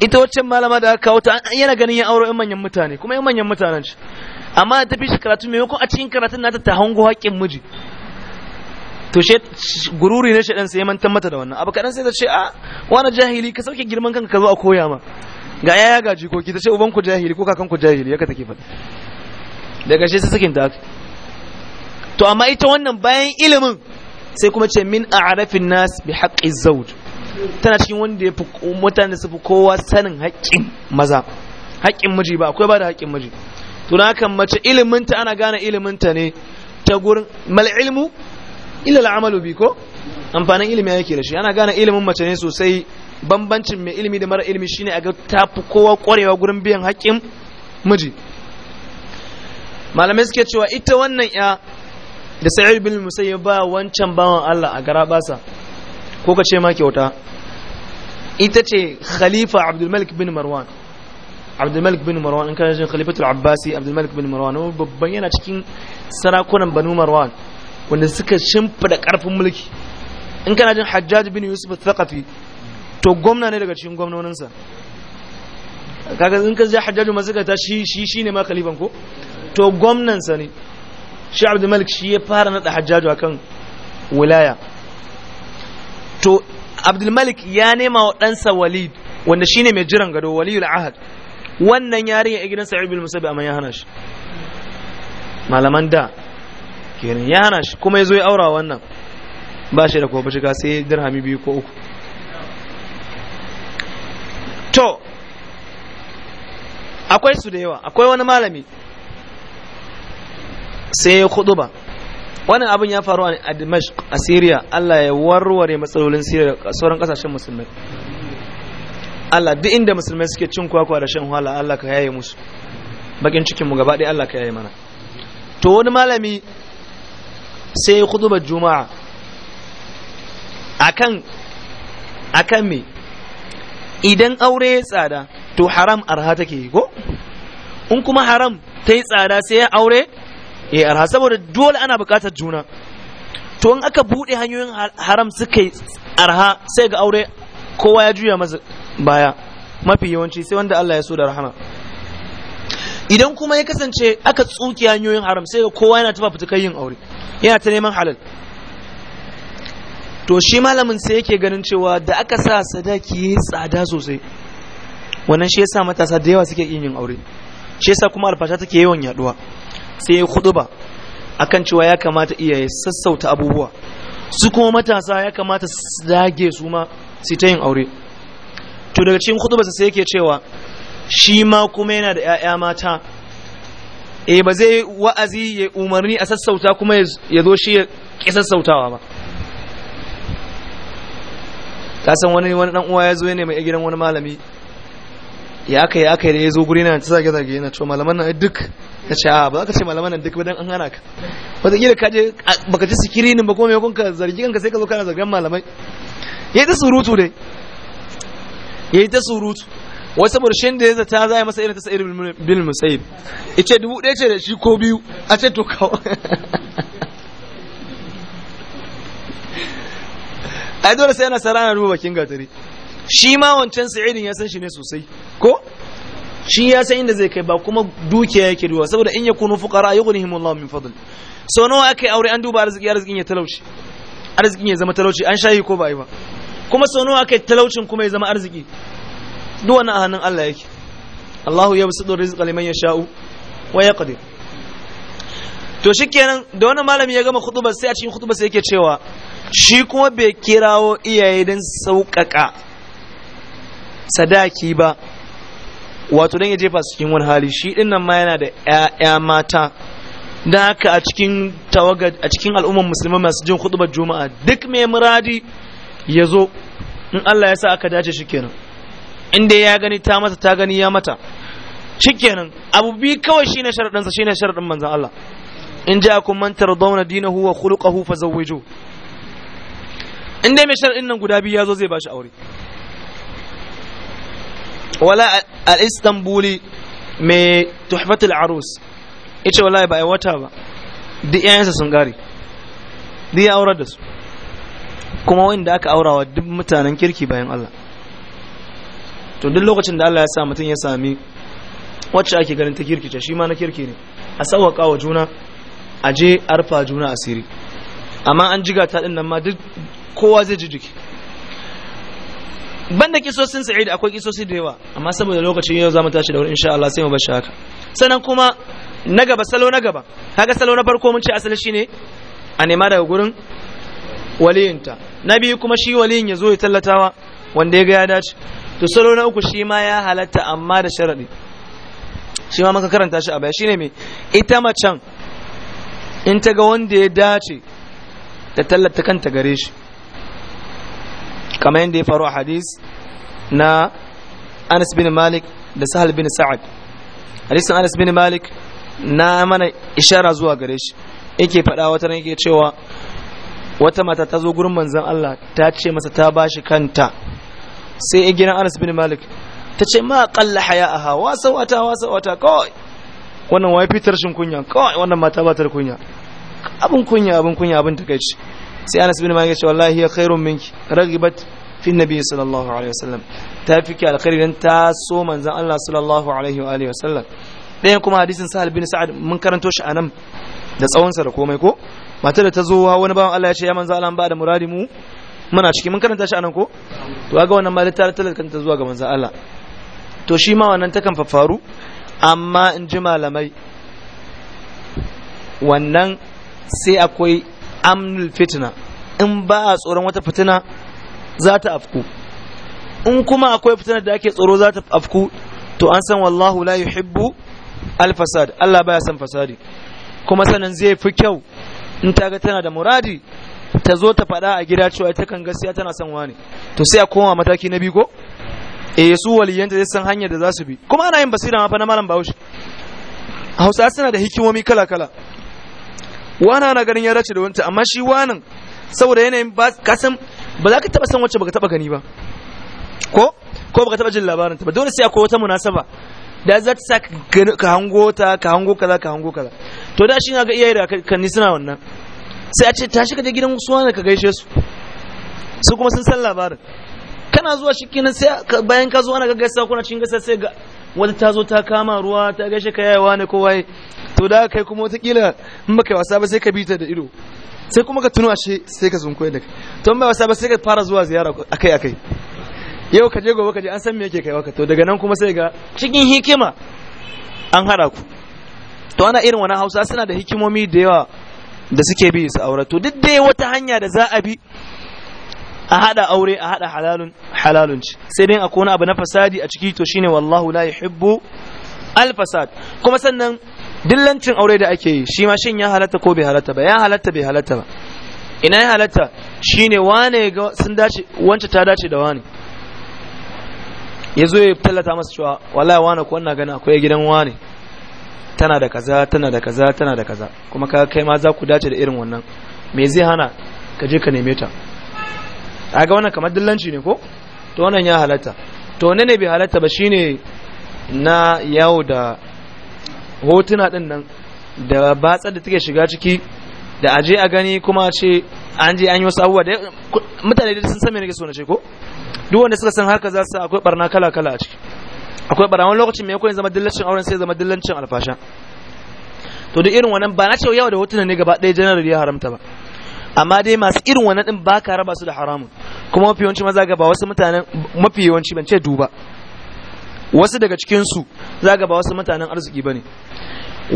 Speaker 1: ita waccan malama da aka kawo ta yana ganin ya auro yan manyan mutane kuma yan manyan mutanen shi amma ta fi shi karatu maimakon a cikin karatun nata ta hango haƙƙin miji to she gururi ne shaɗan sai mantan mata da wannan abu kaɗan sai ta ce a ah, wani jahili ka sauke girman kanka ka zo a koya ma ga yaya ko jikoki ta ce uban ku jahili ko kakan ku jahili yaka take faɗi daga shi sai sakin ta to amma ita wannan bayan ilimin sai kuma ce min a'rafin nas bi haƙƙi zaud tana cikin wanda ya fi mutane su fi kowa sanin haƙƙin maza haƙƙin miji ba akwai ba da haƙƙin miji to na kan mace ilimin ana gane ilimin ne ta gurin mal ilmu illa al'amalu bi ko amfanin ilimi yake da shi ana gane ilimin mace ne sosai bambancin mai ilimi da mara ilimi shine a ga ta fi kowa ƙwarewa gurin biyan haƙƙin miji malamai suke cewa ita wannan ya da sa'id bin musayyib ba wancan bawan Allah a garabasa ko ka ce ma kyauta ita ce khalifa abdul malik bin marwan abdul malik bin marwan in kana jin khalifatul abbasi abdul malik bin marwan babban yana cikin sarakunan banu marwan wanda suka shimfida karfin mulki in kana jin hajjaj bin yusuf thaqafi to gwamna ne daga cikin gwamnoninsa kaga in ka ji hajjaj suka ta shi shi shine ma khalifan ko to sa ne shi abdul malik shi ya fara nada hajjaju akan wilaya to abdul malik ya nema wa ɗansa walid wanda shine mai jiran gado waliyul ahad wannan yarinya a gidan sa'id bin musabbi amma ya hana shi malaman da kenan ya hana shi kuma ya zo ya aura wannan ba shi da kuma shiga sai dirhami biyu ko uku to akwai su da yawa akwai wani malami sai ya ba wannan abin ya faru a Dimashq a Syria Allah ya warware matsalolin Syria da sauran kasashen musulmai Allah duk inda musulmai suke cin kwakwa da shan wahala Allah ka yaye musu bakin cikinmu gaba ɗaya Allah ka yaye mana to wani malami sai ya ba juma'a akan akan me idan aure ya tsada to haram arha take ko in kuma haram ta yi tsada sai ya aure yi eh, arha saboda dole ana bukatar juna to in aka bude hanyoyin haram suka yi arha sai ga aure kowa ya juya masa baya mafi yawanci sai wanda Allah ya so da rahama idan kuma ya kasance aka tsuke hanyoyin haram sai ga kowa yana tafa kai yin aure yana ta neman halal to shi malamin sai yake ganin cewa da aka sa sadaki yi tsada sosai wannan shi yasa matasa da yawa suke yin aure shi yasa kuma alfasha take yawan yaduwa sai ya ba akan cewa ya kamata iyaye sassauta abubuwa su kuma matasa ya kamata su dage su ma su ta yin aure to daga cikin hudubarsa sai yake cewa shi ma kuma yana da 'ya'ya mata e ba zai wa'azi ya umarni a sassauta kuma ya zo shi ya ƙi sassautawa ba ka san wani wani dan uwa ya zo ne mai gidan wani malami ya aka yi aka yi da ya zo guri na ta zage zage na cewa malaman nan duk na ce a ba za ka ce malaman nan duk ba dan an hana ka wataƙila ka je baka ci sikiri ba kuma mai ka zargi kanka sai ka zo kana zargan malamai ya yi ta surutu dai ya yi ta surutu wai saboda shan da ya zata za a yi masa irin ta sa'ir bin musayib ce dubu ɗaya ce da shi ko biyu a ce to kawo ai dole sai yana sarana dubu bakin gatari shi ma wancan sa'idin ya san shi ne sosai ko shi ya san inda zai kai ba kuma dukiya yake duwa saboda in ya ya fuqara yughnihim Allah min fadl so nawa akai aure an duba arziki arzikin ya talauci arzikin ya zama talauci an shayi ko ba yi ba kuma so nawa akai talaucin kuma ya zama arziki duk wannan a hannun Allah yake Allahu yabsutu rizqa liman yasha'u wa yaqdir to shikenan da wani malami ya gama khutubar sai a cikin khutubar sai yake cewa shi kuma bai kirawo iyaye don sauƙaƙa sadaki ba wato don ya jefa su cikin wani hali shi din nan ma yana da ƴaƴa mata da haka a cikin tawagar a cikin al'ummar musulmai masu jin hudubar juma'a duk mai muradi ya zo in Allah ya sa aka dace shi kenan inda ya gani ta mata ta gani ya mata shi kenan abu bi kawai shine sa shine sharaɗin manzan Allah in ja kun man tardawna dinahu wa khuluquhu fazawwiju in dai mai sharaɗin nan guda biyu ya zo zai bashi aure wala a istanbuli mai tuhfatul arus ita wallahi ba ai wata ba duk yayansa sun gare duk ya aurar da su kuma wanda aka aurawa duk mutanen kirki bayan Allah to duk lokacin da Allah ya sa mutum ya sami wacce ake ganin ta kirki ce shi ma na kirki ne a sauwaka wa juna a je arfa juna asiri amma an jiga ta din nan ma duk kowa zai ji jiki banda kisosin sa'id akwai kisosi da yawa amma saboda lokacin yau zamu tashi da wuri insha Allah sai mu bar shi haka sannan kuma na gaba salo na gaba kaga salo na farko mun ce asali shine a nema daga gurin waliyinta na biyu kuma shi waliyin ya zo ya tallatawa wanda ya ga ya dace to salo na uku shi ma ya halatta amma da sharadi shi ma maka karanta shi a baya shine me ita macen in ta ga wanda ya dace ta tallata kanta gare shi kamar yadda ya faru a hadis na Anas bin Malik da Sahal bin Sa'ad hadisin Anas bin Malik na mana ishara zuwa gare shi yake faɗa wata ran yake cewa wata mata ta zo gurin manzon Allah ta ce masa ta bashi kanta sai ya gina Anas bin Malik ta ce ma haya a hawa sawata wa sawata kawai wannan wai fitar shin kunya kawai wannan mata ba ta kunya abin kunya abin kunya abin takeici sai anas bin malik ya ce wallahi ya khairun minki ragibat fi nabi sallallahu alaihi wasallam ta fi ki alkhairi dan ta so manzon Allah sallallahu alaihi wa alihi wasallam dan kuma hadisin sahal bin sa'ad mun karanto shi anan da tsawon sa da komai ko matar da ta zo wani bawan Allah ya ce ya manzon Allah ba da muradi mu muna ciki mun karanta shi anan ko to ga wannan ma ta talaka ta zuwa ga manzon Allah to shi ma wannan takan faffaru amma in ji malamai wannan sai akwai amnul fitna in ba a tsoron wata fitina za ta afku in kuma akwai fitinar da ake tsoro za ta afku to an san wallahu la yuhibbu alfasad Allah baya san fasadi kuma sanan zai fi kyau in ta ga tana da muradi ta zo ta faɗa a gida cewa ita kan gaskiya tana son wani to sai a koma mataki na biyu ko eh su waliyanta zai san hanyar da za su bi kuma ana yin basira ma fa na malam shi. Hausa suna da hikimomi kala kala Wana na ganin ya dace da wanta amma shi wanan saboda yanayin ba ka san ba za ka taba san wacce baka taba gani ba ko ko baka taba jin labarin ta ba dole sai akwai wata munasaba da za ta sa ka hango ta ka hango kaza ka hango kaza to da shi ga iyaye da kanni suna wannan sai a ce tashi ka je gidan su wani ka gaishe su su kuma sun san labarin kana zuwa shi kenan sai bayan ka zo ana gaggaisa kuna cikin gasa sai ga wata ta zo ta kama ruwa ta gaishe ka yayawa ne kowa to da kai kuma watakila in baka wasa ba sai ka bita da ido sai kuma ka tuno ashe sai ka zunkoye da kai to in ba wasa ba sai ka fara zuwa ziyara akai akai yau ka je gobe ka je an san me yake kaiwa ka to daga nan kuma sai ga cikin hikima an hada ku to ana irin wani hausa suna da hikimomi da yawa da suke bi su aure to duk dai wata hanya da za a bi a hada aure a hada halalun halalun ci sai dai akwai wani abu na fasadi a ciki to shine wallahu la yuhibbu al fasad kuma sannan dillancin aure da ake yi shi ma shin ya halatta ko bai halatta ba ya halatta bai halatta ba ina ya halatta shine wane ga sun dace wance ta dace da wane ya zo ya tallata masa cewa wallahi wane ko wannan gani akwai gidan wane tana da kaza tana da kaza tana da kaza kuma ka kai ma za ku dace da irin wannan me zai hana ka je ka neme ta kaga wannan kamar dillanci ne ko to wannan ya halatta to ne ne bai halatta ba shine na yawo da hotuna din nan da batsar da take shiga ciki da aje a gani kuma ce an je an yi wasu abubuwa da mutane da sun san me nake so na ce ko duk wanda suka san haka za su akwai barna kala kala a ciki akwai barna wani lokacin mai koyin zama dillancin auren sai zama dillancin alfasha to duk irin wannan ba na ce yau da hotuna ne gaba ɗaya janar ya haramta ba amma dai masu irin wannan din ka raba su da haramun kuma mafi yawanci maza gaba wasu mutanen mafi yawanci ban ce duba wasu daga cikin su za ga ba wasu mutanen arziki bane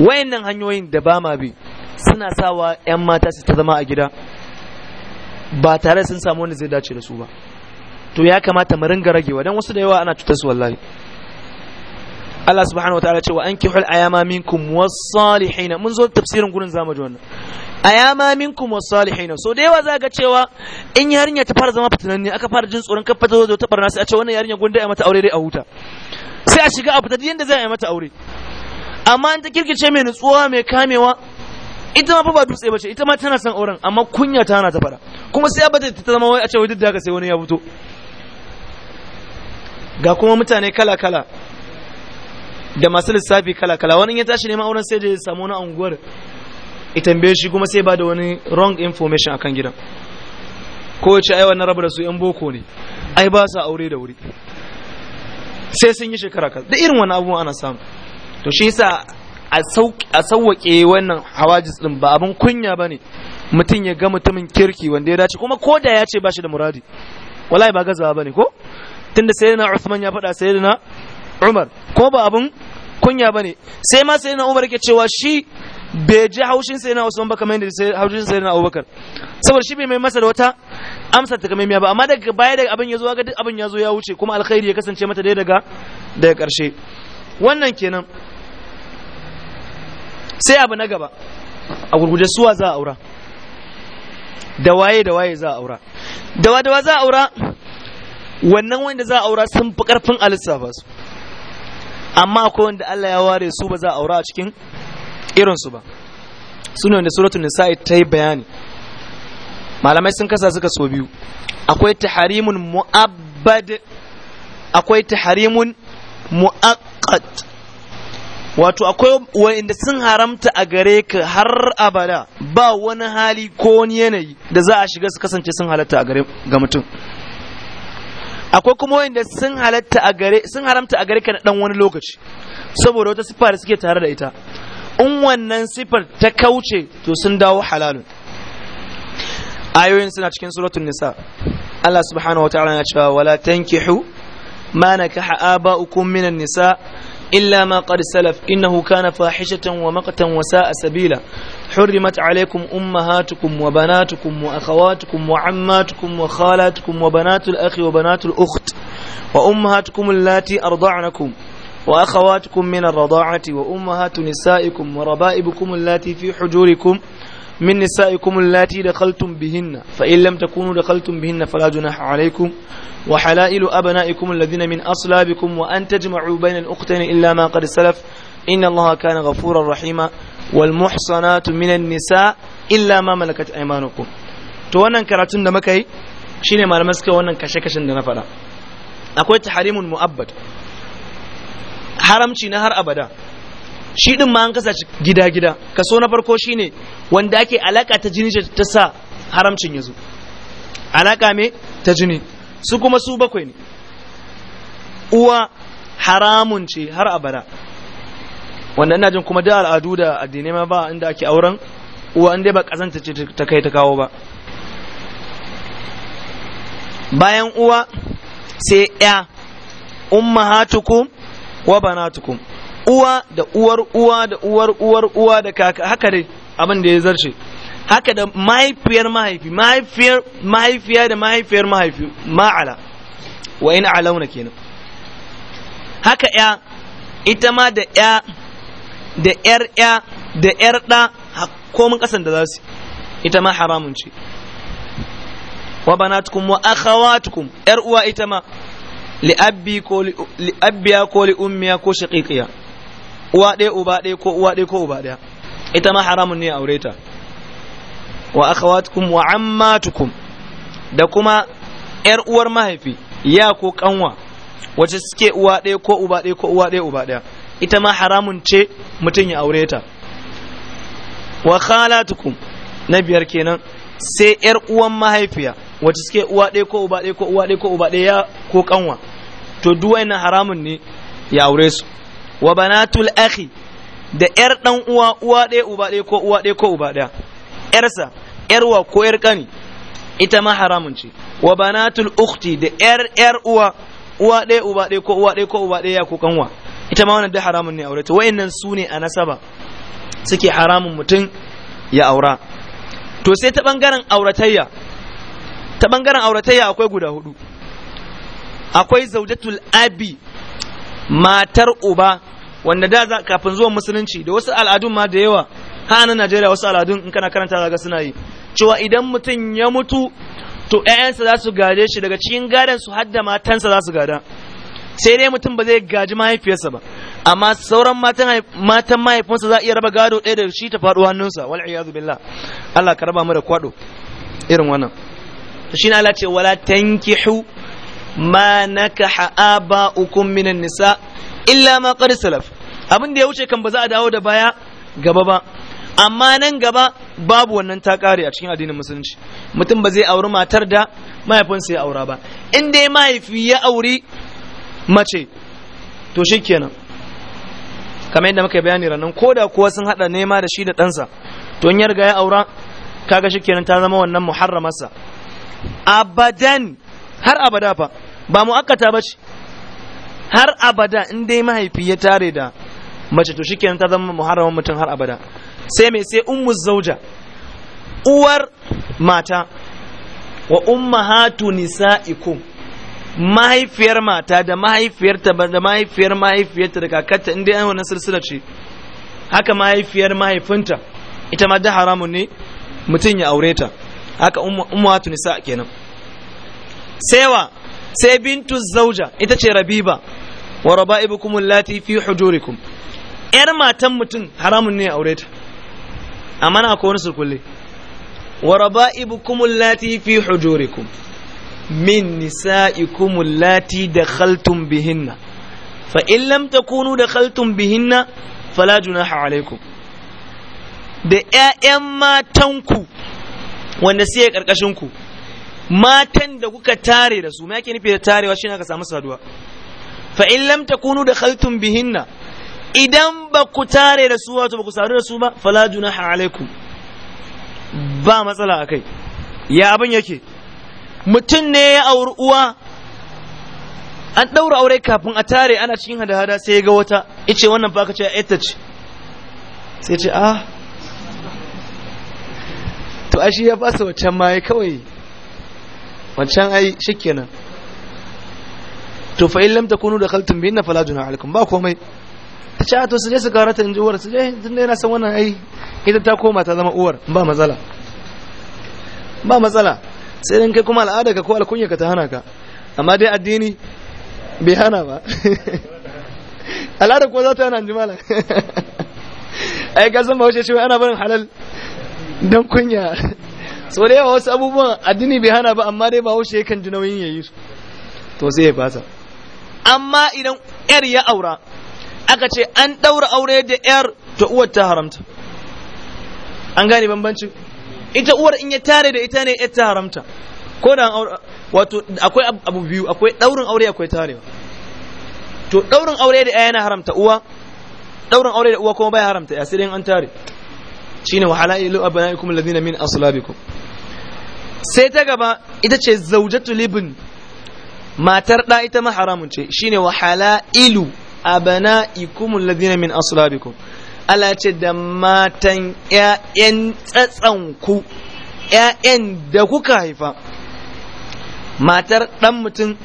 Speaker 1: wayannan hanyoyin da ba ma bi suna sawa yan mata su ta zama a gida ba tare sun samu wanda zai dace da su ba to ya kamata mu ringa ragewa dan wasu da yawa ana cutar su wallahi Allah subhanahu wa ta'ala ce wa hul ayama minkum was-salihin mun zo tafsirin gurin zamu ji wannan ayama minkum was-salihin so da yawa za ga cewa in yarinya ta fara zama fitinanne aka fara jin tsoron kafa ta zo ta barna sai a ce wannan yarinya gunda ya mata aure dai a huta sai a shiga a fita yanda za a yi mata aure amma in ta kirkice mai nutsuwa mai kamewa ita ma fa ba dutse bace ita ma tana son auren amma kunya tana ta fara kuma sai a bada ta zama wai a ce wai duk da haka sai wani ya fito ga kuma mutane kala kala da masu lissafi kala-kala wani ya tashi neman auren sai da samu wani unguwar ya tambaye shi kuma sai ba da wani wrong information akan gidan ko ya ce ai wannan rabu da su yan boko ne ai ba sa aure da wuri sai sun yi shekara kaza da irin wani abubuwa ana samu to shi yasa a sauwaƙe wannan hawajis din ba abin kunya ba ne mutum ya ga mutumin kirki wanda ya dace kuma ko da ya ce ba shi da muradi wallahi ba gazawa ba ne ko tunda sayyidina Uthman ya faɗa sayyidina Umar kuma ba abun kunya ba ne sai ma sai na umar ke cewa shi bai ji haushin sai na usman ba kamar yadda sai haushin sai na abubakar saboda shi bai mai masa da wata amsa ta kamar ba amma daga baya daga abin ya zo ga duk abin ya zo ya wuce kuma alkhairi ya kasance mata dai daga daga karshe wannan kenan sai abu na gaba a gurguje suwa za a aura da waye da waye za a aura da wa da wa za a aura wannan wanda za a aura sun fi karfin ba su amma akwai wanda Allah ya ware su ba za a aura a cikin irinsu ba Suna wanda suratun nisa'i ta yi bayani malamai sun kasa suka so biyu akwai taharimun mu'abbad akwai taharimun mu'aqqad wato akwai wanda sun haramta a gare ka har abada ba wani hali ko wani yanayi da za a shiga su kasance sun halatta a gare ga mutum akwai kuma wanda sun halatta a gare sun haramta a gare ka na dan wani lokaci saboda wata siffa da suke tare da ita in wannan sifar ta kauce to sun dawo halalun ayoyin suna cikin suratul nisa Allah subhanahu wataala ya cewa wala tankihu ma nakaha aba'ukum minan nisa إلا ما قد سلف إنه كان فاحشة ومقتا وساء سبيلا حرمت عليكم أمهاتكم وبناتكم وأخواتكم وعماتكم وخالاتكم وبنات الأخ وبنات الأخت وأمهاتكم اللاتي أرضعنكم وأخواتكم من الرضاعة وأمهات نسائكم وربائبكم اللاتي في حجوركم min nisa'ikum da dakhaltum bihinna fa in lam takunu dakhaltum bihinna fala junaha alaykum wa halailu abna'ikum alladhina min aslabikum wa an tajma'u bayna al-ukhtayn illa ma qad salaf inna allaha kana ghafurar rahima wal muhsanatu minan nisa illa ma malakat aymanukum to wannan karatun da muka yi shine malamai suka wannan kashe-kashen da na faɗa akwai taharimun mu'abbad haramci na har abada shi din ma an kasa gida gida kaso na farko shine wanda ake alaka ta jini ta sa haramcin yazo alaka me ta jini su kuma su bakwai ne uwa haramun ce har abada wannan ina jin kuma da al'adu da addinai ma ba inda ake auren uwa inda ba kazanta ce ta kai ta kawo ba bayan uwa sai ya ummahatukum wa banatukum uwa da uwar uwa da uwar uwar uwa da kaka haka dai abin da ya zarce haka da mahaifiyar mahaifi mahaifiyar mahaifiya da mahaifiyar mahaifi ma'ala wa ina alauna kenan haka ya ita ma da ya da yar ya da yar da komin kasan da za su ita ma haramun ce wa banatukum wa akhawatukum yar uwa ita ma li abbi ko abbiya ko ummiya ko shaqiqiya uwa ɗaya uba ɗaya ko uwa ɗaya ko uba ɗaya ita ma haramun ne aure ta wa akhawatukum wa ammatukum da kuma ƴar uwar mahaifi ya ko kanwa wace suke uwa ɗaya ko uba ɗaya ko uwa ɗaya uba ɗaya ita ma haramun ce mutum ya aure ta wa khalatukum na biyar kenan sai ƴar uwan mahaifiya wace suke uwa ɗaya ko uba ɗaya ko uwa ɗaya ko uba ɗaya ko kanwa to duk wannan haramun ne ya aure su wa banatul akhi da yar dan uwa uwa ɗaya uba ɗaya ko uwa ɗaya ko uba ɗaya yarsa yarwa ko yar kani ita ma haramun ce wa banatul ukhti da yar yar uwa uwa ɗaya uba ɗaya ko uwa ɗaya ko uba ɗaya ko kanwa ita ma wannan da haramun ne aure ta wayannan su ne a nasaba suke haramun mutum ya aura to sai ta bangaren auratayya ta bangaren auratayya akwai guda hudu akwai zaujatul abi matar uba wanda da kafin zuwan musulunci da wasu al'adun ma da yawa hana Najeriya wasu al'adun in kana karanta zaga suna yi cewa idan mutum ya mutu to ƴaƴansa za su gaje shi daga cikin gadon su da matansa za su gada sai dai mutum ba zai gaji mahaifiyarsa ba amma sauran matan matan mahaifinsa za a iya raba gado ɗaya da shi ta faɗo hannunsa wal iyazu billah Allah ka raba mu da kwado irin wannan to na Allah ce wala tankihu ma nakaha aba'ukum minan nisa illa ma qad salaf abin da ya wuce kan ba za a dawo da baya gaba ba amma nan gaba babu wannan ta ƙare a cikin addinin musulunci mutum ba zai auri matar da mahaifinsa ya aura ba in dai mahaifi ya auri mace to shikenan kamar yadda muka bayani ranan ko da kuwa sun hada nema da shi da ɗansa to in ya riga ya aura kaga shikenan ta zama wannan muharramarsa abadan har abada fa ba mu akata ba ce har abada in dai mahaifi ya tare da mace to shikenan ta zama muharraman mutum har abada sai mai sai ummu zauja uwar mata wa ummahatu nisa'ikum mahaifiyar mata da mahaifiyarta da mahaifiyar mahaifiyarta da kakarta in dai an wannan silsila ce haka mahaifiyar mahaifinta ita ma da haramun ne mutum ya aure ta haka ummahatu nisa kenan sai wa sai bintu zauja ita ce rabiba wa raba'ibukum allati fi hujurikum yar matan mutum haramun ne aure ta amma na akwai wani surkulle wa raba'ibukum allati fi hujurikum min nisa'ikum allati dakhaltum bihinna fa in lam takunu dakhaltum bihinna fala junaha alaikum da ƴaƴan matanku wanda sai karkashin ku matan da kuka tare da su yake nufi da tarewa shine ka samu saduwa fa in lam takunu dakhaltum bihinna idan ba ku tare da su wato ba ku sadu da su ba fala junaha alaikum ba matsala akai ya abin yake mutum ne ya auri uwa an ɗaura aure kafin a tare ana cikin hada-hada sai ya ga wata ice wannan ce ita ce sai ce ah to ashe ya fasa waccan maye kawai wancan ai shikenan to fa in lam takunu dakhaltum bi inna fala junaha alaikum ba komai ta ce to su je su karata inji ji uwar su je tun da yana san wannan ai Idan ta koma ta zama uwar ba matsala ba matsala sai dan kai kuma al'ada ka ko alkunya ka ta hana ka amma dai addini bai hana ba al'ada ko za ta hana inji mala ai ga san ba wace shi ana barin halal dan kunya so da yawa wasu abubuwan addini bai hana ba amma dai ba wasu yakan ji nauyin ya yi su to sai ya fasa amma idan yar ya aura aka ce an ɗaura aure da yar to uwar ta haramta an gane bambanci ita uwar in ya tare da ita ne yar ta haramta ko da wato akwai abu biyu akwai ɗaurin aure akwai tare. to ɗaurin aure da ya yana haramta uwa ɗaurin aure da uwa kuma bai haramta ya sai an tare shine wa halailu abnaikum alladhina min aslabikum sai ta gaba ita ce zaujatu libin matar da ita ma haramun ce shine wa halailu abnaikum alladhina min aslabikum ala ce da matan ƴaƴan ku ƴaƴan da kuka haifa matar dan mutum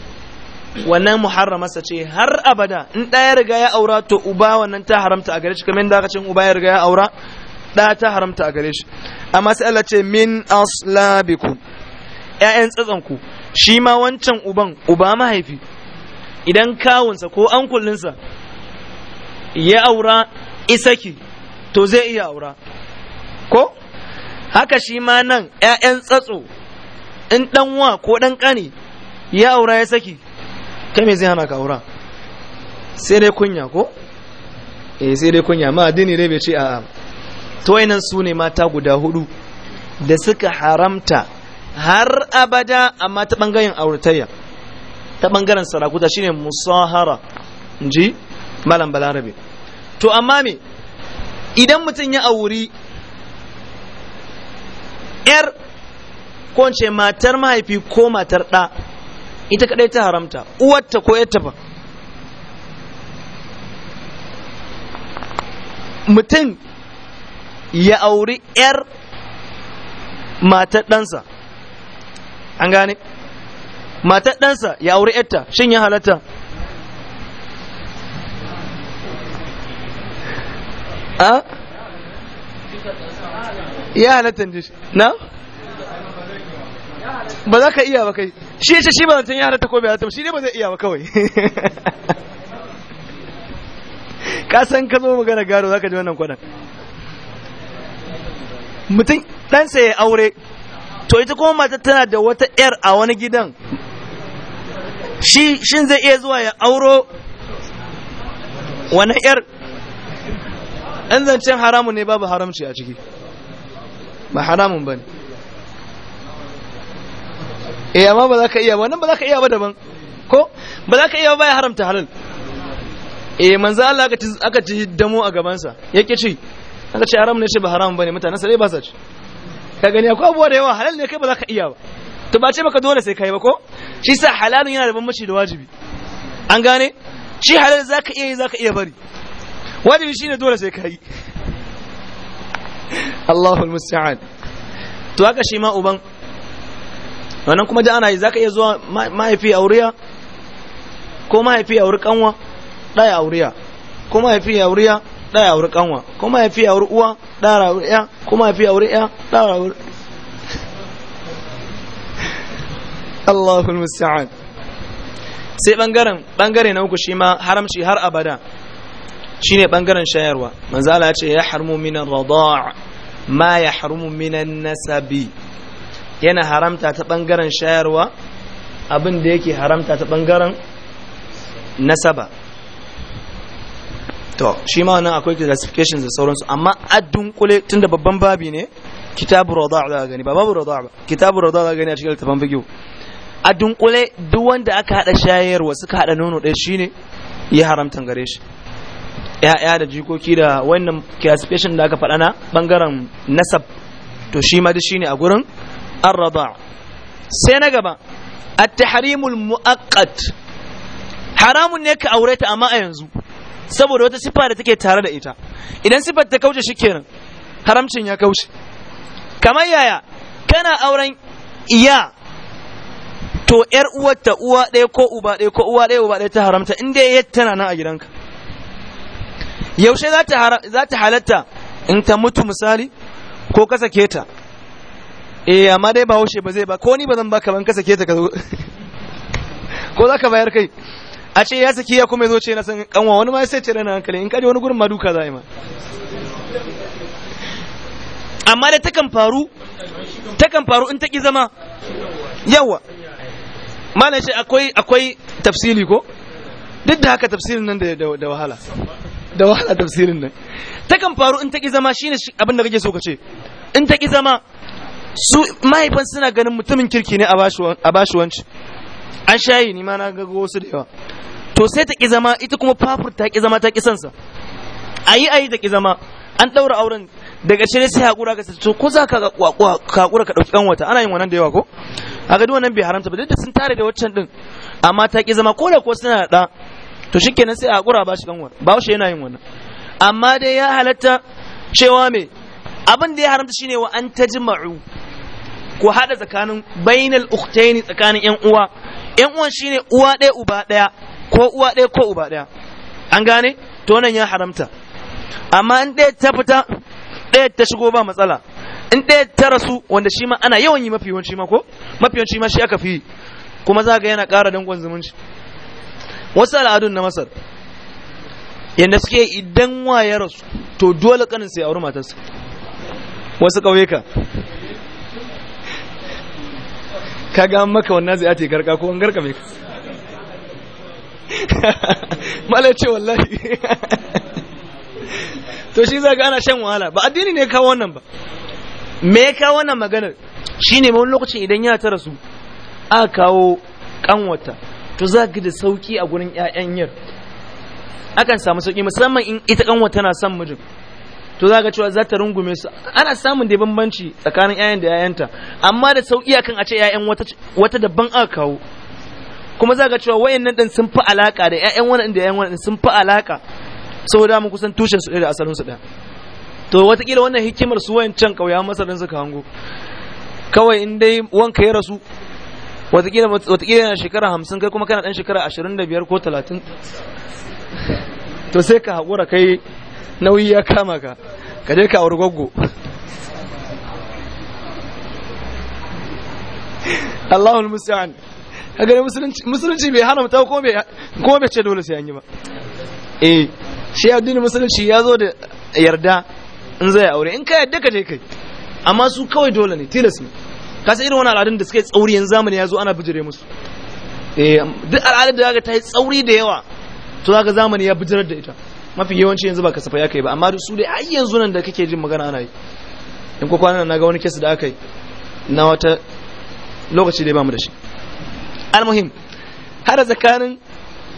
Speaker 1: wannan muharramarsa ce har abada in ɗaya riga ya aura to uba wannan ta haramta a gare shi kamar da aka ce uba ya riga ya aura da ta haramta a gare shi amma sai Allah ce min aslabikum ƴaƴan tsatsanku shi ma wancan uban uba mahaifi idan kawunsa ko ankulinsa ya aura isaki to zai iya aura ko haka shi ma nan ‘ya'yan tsatso in ɗanwa ko ɗan ƙani ya aura ya saki ta me zai hana ka aura sai dai kunya ko? eh sai dai kunya ma addini dai bai ce a'a. to sune su ne mata guda hudu da suka haramta har abada amma ta bangaren auratayya ta bangaren sarakuta shine musahara ji malam balarabe to amma me idan mutum ya auri yar ko ce matar mahaifi ko matar ɗa ita kadai ta haramta uwarta ko yarta ba mutum ya auri 'yar matar ɗansa an gane matar ɗansa ya auri 'yarta shin ya halatta a ya halatta ne na ba za ka iya ba kai shi ce shi ba zancen ya halatta ko bai halatta shi ne ba zai iya ba kawai ka san ka zo magana gado za ka ji wannan kwanan mutum ɗansa ya aure to ita kuma mata tana da wata 'yar a wani gidan shi shin zai iya zuwa ya auro wani 'yar ɗan zancen haramun ne babu haramci a ciki ba haramun ba ne eh amma ba za ka iya ba nan ba za ka iya ba daban ko ba za ka iya ba ya haramta halal e manzo Allah aka ci damo a gabansa yake ce kaga ce haram ne shi ba haram bane mutanen sare ba sa ci ka gani akwai abubuwa da yawa halal ne kai ba za ka iya ba to ba ce maka dole sai kai ba ko shi sa halalun yana da bambanci da wajibi an gane shi halal za ka iya yi za ka iya bari wajibi shi ne dole sai ka yi Allahul musta'an to haka shi ma uban wannan kuma da ana yi za ka iya zuwa mahaifi auriya ko mahaifi auri kanwa ɗaya auriya ko mahaifi auriya ɗaya auri kanwa kuma ya fi auri uwa ɗara auri ya kuma ya fi auri ya ɗara auri Allahu musta'an sai bangaren bangare na uku shi ma haramci har abada shine bangaren shayarwa manzo Allah ya ce ya harmu min rada ma ya harmu minan nasabi yana haramta ta bangaren shayarwa abin da yake haramta ta bangaren nasaba to shi ma wannan akwai classifications da sauransu amma a dunkule tunda babban babi ne kitabu rada za gani ba babu rada ba kitabu rada za gani a cikin littafin fiqh a dunkule duk wanda aka hada shayarwa suka hada nono ɗaya shine ya haramta gare shi ya'ya da jikoki da wannan classification da aka faɗa na bangaren nasab to shi ma duk shine a gurin An rada sai na gaba at-tahrimul mu'aqqat haramun ne ka aure ta amma a yanzu saboda wata siffa da take tare da ita idan siffar ta kauce shikenan haramcin ya kauce kamar yaya kana auren iya to yar uwar ta uwa ɗaya ko uba ɗaya ko uwa ɗaya uba ɗaya ta haramta in dai yar tana nan a gidanka yaushe za ta halatta in ta mutu misali ko ka sake ta eh amma dai ba haushe ba zai ba ko ni ba zan baka ban ka sake ta ka zo ko za ka bayar kai a ce ya saki ya kuma zo ce na san kanwa wani ma sai ce rana hankali in kaje wani gurin ma duka za ma amma da takan faru takan faru in taki zama yawa malam shi akwai akwai tafsili ko duk da haka tafsirin nan da da wahala da wahala tafsirin nan takan faru in taki zama shine abin da kake so ka ce in taki zama su mahaifan suna ganin mutumin kirki ne a bashi wanci an shayi ni ma na ga wasu da yawa to sai ta ki zama ita kuma fafur ta ki zama ta ki sansa ayi ayi ta ki zama an daura auren daga shirye sai hakura ka to ko za ka hakura ka dauki kan wata ana yin wannan da yawa ko a ga wannan bai haramta ba duk da sun tare da waccan din amma ta ki zama ko da ko suna da to shikenan sai hakura ba shi kan wata ba shi yana yin wannan amma dai ya halatta cewa me abin da ya haramta shine wa an tajma'u ku hada tsakanin bainal ukhtaini tsakanin yan uwa yan uwan shine uwa ɗaya uba ɗaya ko uwa ɗaya ko uba ɗaya an gane to nan ya haramta amma in ɗaya ta fita ɗaya ta shigo ba matsala in ɗaya ta rasu wanda shi ma ana yawan yi mafi yawanci ma ko mafi yawanci ma shi aka fi kuma za ga yana ƙara dangon zumunci wasu al'adun na masar yadda suke idan wa ya rasu to dole kanin sai auri matarsa wasu ƙauyuka ka ga maka wannan zai ate garka ko an garka mai mala ce wallahi to shi zaga ana shan wahala ba addini ne kawo wannan ba me ya kawo wannan maganar shine wani lokacin idan ya ta rasu a kawo kanwata to za da sauki a gurin 'ya'yan yar akan samu sauki musamman in ita kanwata na son mijin to za ka cewa za ta rungume su ana samun da bambanci tsakanin 'ya'yan da 'ya'yanta amma da sauki akan a ce 'ya'yan wata daban aka kawo kuma za ga cewa wayannan din sun fi alaka da ƴaƴan wannan da ƴaƴan wannan sun fi alaka saboda mu kusan tushen su da asalin su da to watakila wannan hikimar su can kauya masarin suka hango kawai in dai wanka ya rasu watakila watakila yana shekara hamsin kai kuma kana dan shekara ashirin da biyar ko talatin to sai ka haƙura kai nauyi ya kama ka ka je ka auri gwaggo Allahul Musta'an gani musulunci bai hana mutawa ko bai ce dole sai an yi ba eh shi addinin musulunci ya zo da yarda in zai aure in ka yarda ka je kai amma su kawai dole ne tilas ne ka san irin wani al'adun da suka yi tsauri yanzu zamani ya zo ana bijire musu eh duk al'adar da zaka ta yi tsauri da yawa to zaka zamani ya bijirar da ita mafi yawanci yanzu ba kasafa ya kai ba amma su dai ai yanzu nan da kake jin magana ana yi in ko kwana nan naga wani kesi da aka yi na wata lokaci dai ba mu da shi almuhim hada tsakanin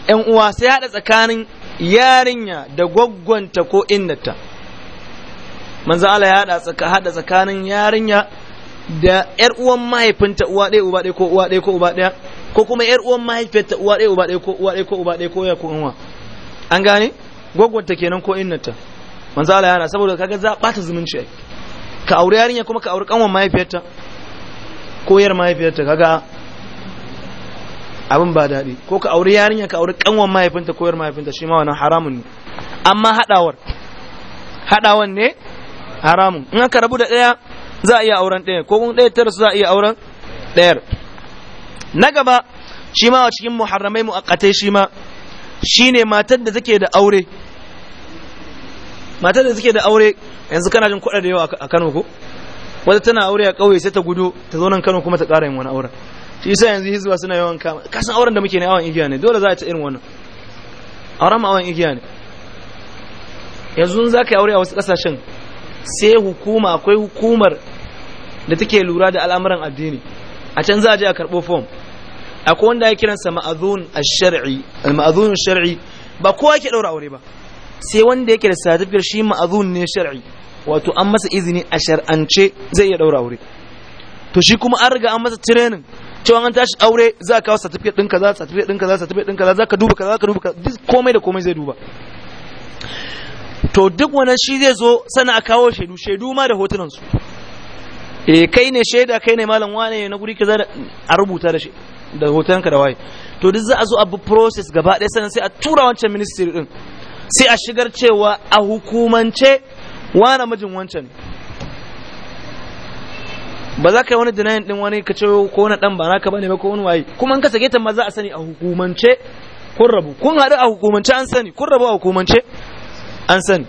Speaker 1: yan uwa sai hada tsakanin yarinya da gwaggwanta ko innata manzo Allah ya hada tsaka tsakanin yarinya da yar uwan mahaifinta uwa ɗaya uba ɗaya ko uwa ɗaya ko uba ɗaya ko kuma yar uwan mahaifinta uwa ɗaya uba ɗaya ko uwa ɗaya ko uba ɗaya ko ya ko uwa an gane gwaggwanta kenan ko innata manzo Allah ya hada saboda kaga za ta zumunci ka aure yarinya kuma ka aure kanwan mahaifiyarta ko yar mahaifiyarta kaga abin ba daɗi ko ka auri yarinya ka auri kanwan mahaifinta koyar mahaifinta shi ma wannan haramun ne amma haɗawar haɗawan ne haramun in aka rabu da ɗaya za a iya auren ɗaya ko kun ɗaya tara za a iya auren ɗayar na gaba shi ma a cikin muharramai mu'akkatai shi ma shi ne matar da take da aure matar da take da aure yanzu kana jin kuɗa da yawa a Kano ko wata tana aure a ƙauye sai ta gudu ta zo nan Kano kuma ta ƙara yin wani auren shi sai yanzu hizuwa suna yawan kama kasan auren da muke ne awon igiya ne dole za a ta irin wannan auren awon igiya ne yanzu za ka yi aure a wasu kasashen sai hukuma akwai hukumar da take lura da al'amuran addini a can za a je a karɓo fom akwai wanda ya kiransa ma'azun shari'i ma'azun shari'i ba kowa yake ɗaura aure ba sai wanda yake da sadafikar shi ma'azun ne shari'i wato an masa izini a shar'ance zai iya ɗaura aure to shi kuma an riga an masa training cewa an tashi aure za ka kawo certificate ɗin kaza certificate ɗin kaza certificate ɗin kaza za ka duba kaza za ka duba kaza komai da komai zai duba to duk wannan shi zai zo sana a kawo shaidu shaidu ma da hotunan su eh kai ne shaida kai ne malam wane na guri kaza a rubuta da shi da hotonka da waye to duk za a zo a bi process gaba ɗaya sannan sai a tura wancan ministry din sai a shigar cewa a hukumance wane mijin wancan ba za ka yi wani denying din wani ka ce ko wani dan ba naka bane ba ko wani waye kuma in ka sake ta ma za a sani a hukumance kun rabu kun haɗu a hukumance an sani kun rabu a hukumance an sani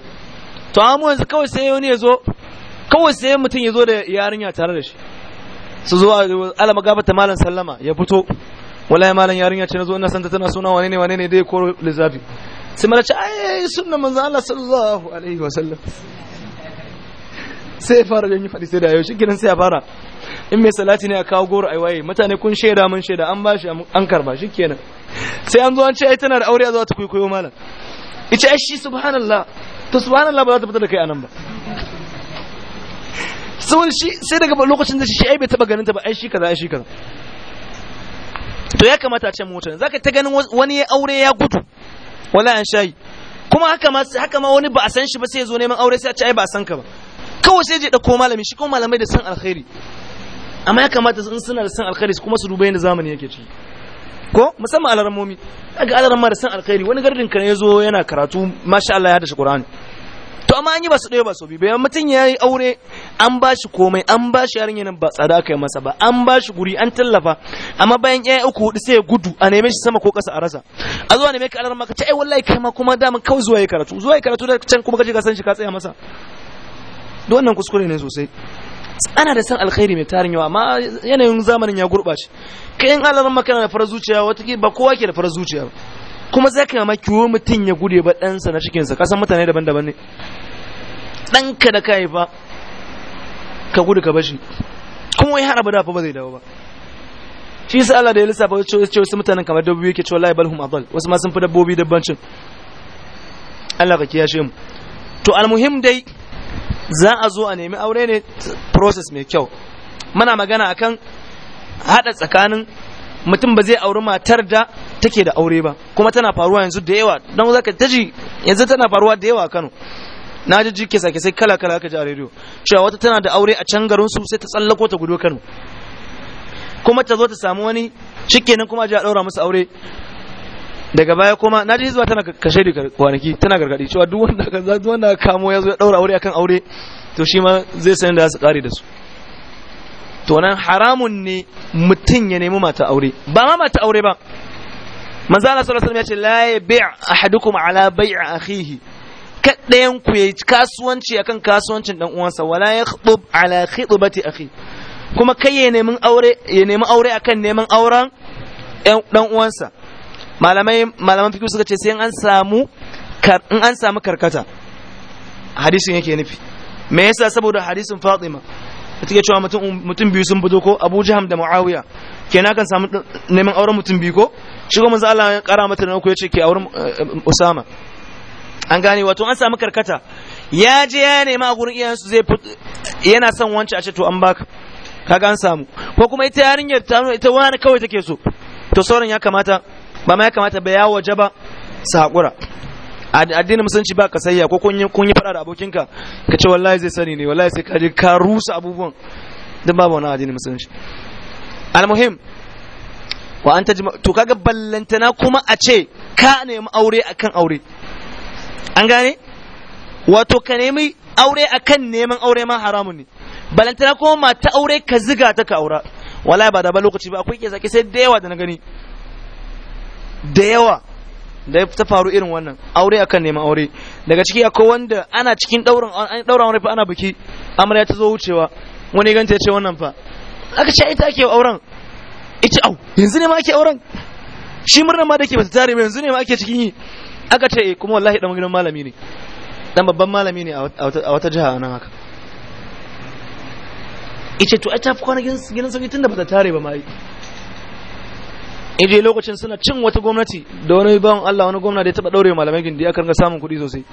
Speaker 1: to amma yanzu kawai sai wani ya zo kawai sai mutum ya zo da yarinya tare da shi su zo ala magaba ta malam sallama ya fito wallahi malam yarinya ce na zo ina san ta tana suna wane ne wane ne dai ko lissafi sai mala ce ai sunna manzo Allah sallallahu alaihi wasallam sai ya fara jan yi faɗi sai da yau shi kenan sai ya fara in mai salati ne a kawo goro a waye mutane kun shaida mun shaida an bashi an karba shi kenan sai an zo an ce ai tana da aure a zo ta kwaikwayo malam ita ai shi subhanallah to subhanallah ba za ta fita da kai anan ba saboda shi sai daga lokacin da shi ai bai taba ganin ta ba ai shi kaza ai shi kaza to ya kamata a ce mutane zaka ta ganin wani ya aure ya gudu wala an shayi kuma haka ma haka ma wani ba a san shi ba sai ya zo neman aure sai a ce ai ba a san ka ba kawai sai je ko malami shi kuma malamai da san alkhairi amma ya kamata in suna da san alkhairi kuma su duba yadda zamani yake ci ko musamman alarammomi kaga alaramma da san alkhairi wani gardin kan ya zo yana karatu masha Allah ya shi Qur'ani to amma an yi ba su ɗaya ba su biyu bayan mutum ya yi aure an ba shi komai an ba shi yarinya nan ba tsada aka yi masa ba an ba shi guri an tallafa amma bayan ya uku hudu sai ya gudu a neme shi sama ko ƙasa a rasa a zuwa neme ka alarma ka ce ai wallahi kai ma kuma dama kawai zuwa ya karatu zuwa ya karatu da can kuma ka je ka san shi ka tsaya masa da wannan kuskure ne sosai ana da san alkhairi mai tarin yawa amma yanayin zamanin ya gurɓace kai in alarin maka da farar zuciya wata ba kowa ke da farar zuciya ba kuma zai kai kiwo mutum ya gude ba ɗansa na cikinsa ƙasan mutane daban-daban ne ɗanka da kayi fa ka gudu ka bashi kuma wai har abada dafa ba zai dawo ba shi sa Allah da ya lissafa wasu ce wasu mutanen kamar dabbobi yake cewa lai balhum adal wasu ma sun fi dabbobi dabbancin Allah ka kiyashe mu to almuhim dai za a zo a nemi aure ne process mai kyau muna magana akan hada tsakanin mutum ba zai auri matar da take da aure ba kuma tana faruwa yanzu da yawa don zaka taji yanzu tana faruwa da yawa Kano na ji ji kisa sai kala kala ka ji a rediyo cewa wata tana da aure a can garin su sai ta tsallako ta gudo Kano kuma ta zo ta samu wani shikenan kuma ji a daura musu aure daga baya kuma na ji zuwa tana kashe da kwanaki tana gargadi cewa duk wanda ka za duk wanda kamo ya zo ya daura aure akan aure to shi ma zai san da su kare da su to nan haramun ne mutum ya nemi mata aure ba ma mata aure ba manzo Allah sallallahu alaihi wasallam ya ce la yabi' ahadukum ala bai'i akhihi kaddayan ku yi kasuwanci akan kasuwancin dan uwansa wala yakhdub ala khidbati akhi kuma kai ya nemi aure ya nemi aure akan neman auren dan uwansa malamai malaman fikihu suka ce sai an samu in an samu karkata hadisin yake nufi me yasa saboda hadisin Fatima take cewa mutum mutum biyu sun fito ko Abu Jaham da Muawiya kenan kan samu neman auren mutum biyu ko shi kuma manzo ya kara mata na ya yace ke auren eh, Usama an gane wato an samu karkata ya je ya nema a gurin iyayensu zai yana son wance a ce to an baka kaga an samu ko kuma ita yarinyar ta ita wani kawai take so to sauran ya kamata ba ma ya kamata ba ya waje ba su haƙura addinin musulunci ba ka sayya ko kun yi faɗa da abokinka ka ce wallahi zai sani ne wallahi sai ka je ka rusa abubuwan don babu wani addinin musulunci almuhim wa an tajma to kaga ballantana kuma a ce ka nemi aure akan aure an gane wato ka nemi aure akan neman aure ma haramun ne ballantana kuma mata aure ka ziga ta ka aura wallahi ba da ba lokaci ba akwai kisa sai da yawa da na gani da yawa da ta faru irin wannan aure akan neman aure daga ciki akwai wanda ana cikin daurin an daura aure fa ana biki amarya ta zo wucewa wani ganta ya ce wannan fa aka ce ita ake auren ita au yanzu ne ma ake auren shi murna ma da ke bata tare ba yanzu ne ma ake cikin yi aka ce eh kuma wallahi dan gidan malami ne dan babban malami ne a wata jiha nan haka Ita to ai ta fi kwana gidan sauki tun da bata tare ba ma je lokacin suna cin wata gwamnati da wani ban Allah wani gwamna da ya taba daure malamai gindi aka ringa samun kuɗi sosai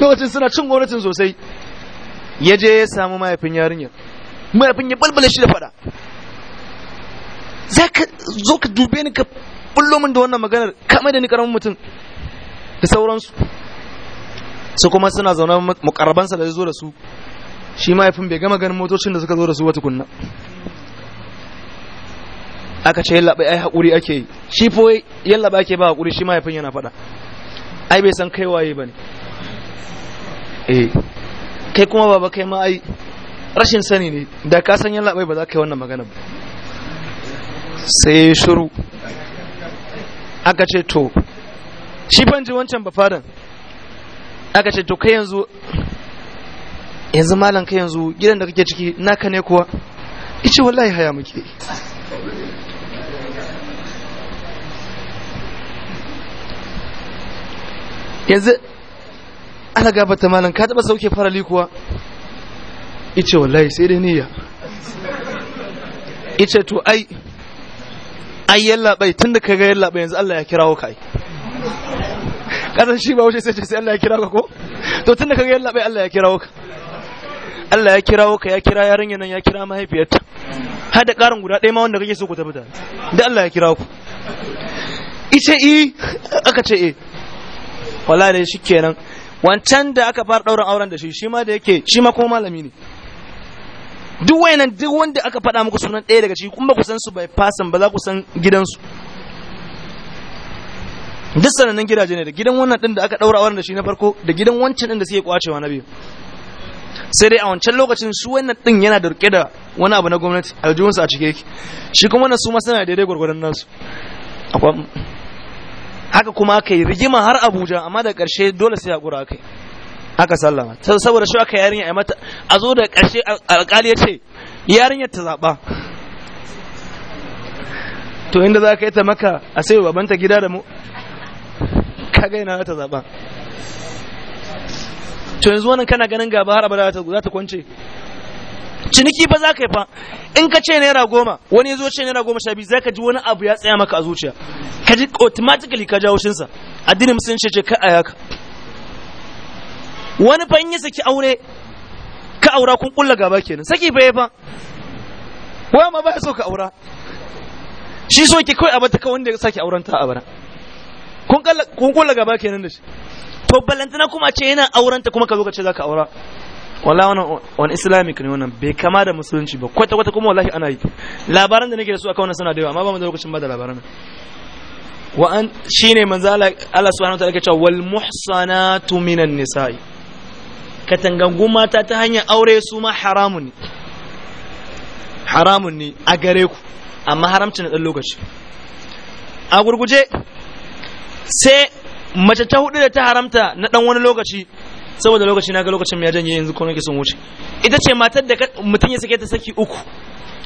Speaker 1: lokacin suna cin gwamnatin sosai ya je ya samu mahaifin yarinyar mahaifin ya balbala shi da fada za ka zo ka dube ni ka bullo min da wannan maganar kamar da ni karamin mutum da sauransu su kuma suna zaune mukarabansa da ya zo da su shi mahaifin bai gama ganin motocin da suka zo da su wata kunna aka ce yalla bai ai hakuri ake yi shi fo yalla ba ake ba hakuri shi mahaifin yana faɗa ai bai san kai waye bane eh kai kuma baba kai ma ai rashin sani ne da ka san yalla bai ba za ka yi wannan magana ba sai shiru aka ce to shi ji wancan ba fadan aka ce to kai yanzu yanzu malam kai yanzu gidan da kake ciki naka ne kuwa ice wallahi haya muke yanzu ana gabata malam ka taba sauke farali kuwa ice wallahi sai dai niyya ice to ai ai yallaɓai tun da ka ga yallaɓai yanzu Allah ya kirawo ka ai ƙasar shi ba wuce sai sai Allah ya kira ka ko to tun da ka ga yallaɓai Allah ya kirawo ka Allah ya kirawo ka ya kira yarinya nan ya kira mahaifiyarta har da ƙarin guda ɗaya ma wanda kake so ku tafi da da Allah ya kirawo ku ice i aka ce eh ne shi kenan wancan da aka fara ɗaurin auren da shi shi ma da yake shi ma kuma malami ne duk wayannan duk wanda aka faɗa muku sunan ɗaya daga ciki kuma ku san su bai fasan ba za ku san gidansu duk sanannen gidaje ne da gidan wannan ɗin da aka ɗaura auren da shi na farko da gidan wancan ɗin da suke kwacewa na biyu sai dai a wancan lokacin su wannan ɗin yana da rike da wani abu na gwamnati aljihunsu a cike yake shi kuma wannan su ma suna daidai gwargwadon nasu aka kuma aka yi rigima har abuja amma da ƙarshe dole sai haƙura aka yi aka sallama saboda shi aka yarinya a mata a zo da ƙarshe alƙali ya ce yarinyar ta zaɓa to inda za ka yi ta maka a sai babanta gida da mu kaga yana ta zaɓa to yanzu wannan kana ganin gaba har abada za ta kwance ciniki ba za ka yi fa in ka ce naira goma wani ya zo ce naira goma sha biyu za ka ji wani abu ya tsaya maka a zuciya ka ji automatically ka jawo shinsa addinin musulunci ce ka a yaka wani fa in yi saki aure ka aura kun kulla gaba kenan saki fa ya fa wa ma baya so ka aura shi so ke kai a bata ka wanda ya saki auren ta a bara kun kulla gaba kenan da shi to balantana kuma ce yana auren ta kuma ka zo ka ce za ka aura wallahi wannan wani islamic ne wannan bai kama da musulunci ba kwata kwata kuma wallahi ana yi labaran da nake da su akan wannan suna da yawa amma ba mu da lokacin ba da labaran wa an shine manzo Allah subhanahu wa ta'ala ke cewa wal muhsanatu minan nisa'i katangangu mata ta hanyar aure su ma haramun ne haramun ne a gare ku amma haramci na dan lokaci a gurguje sai mace ta hudu da ta haramta na dan wani lokaci saboda lokaci na ga lokacin ya janye yanzu kone ke sun wuce ita ce matar da mutum ya sake ta saki uku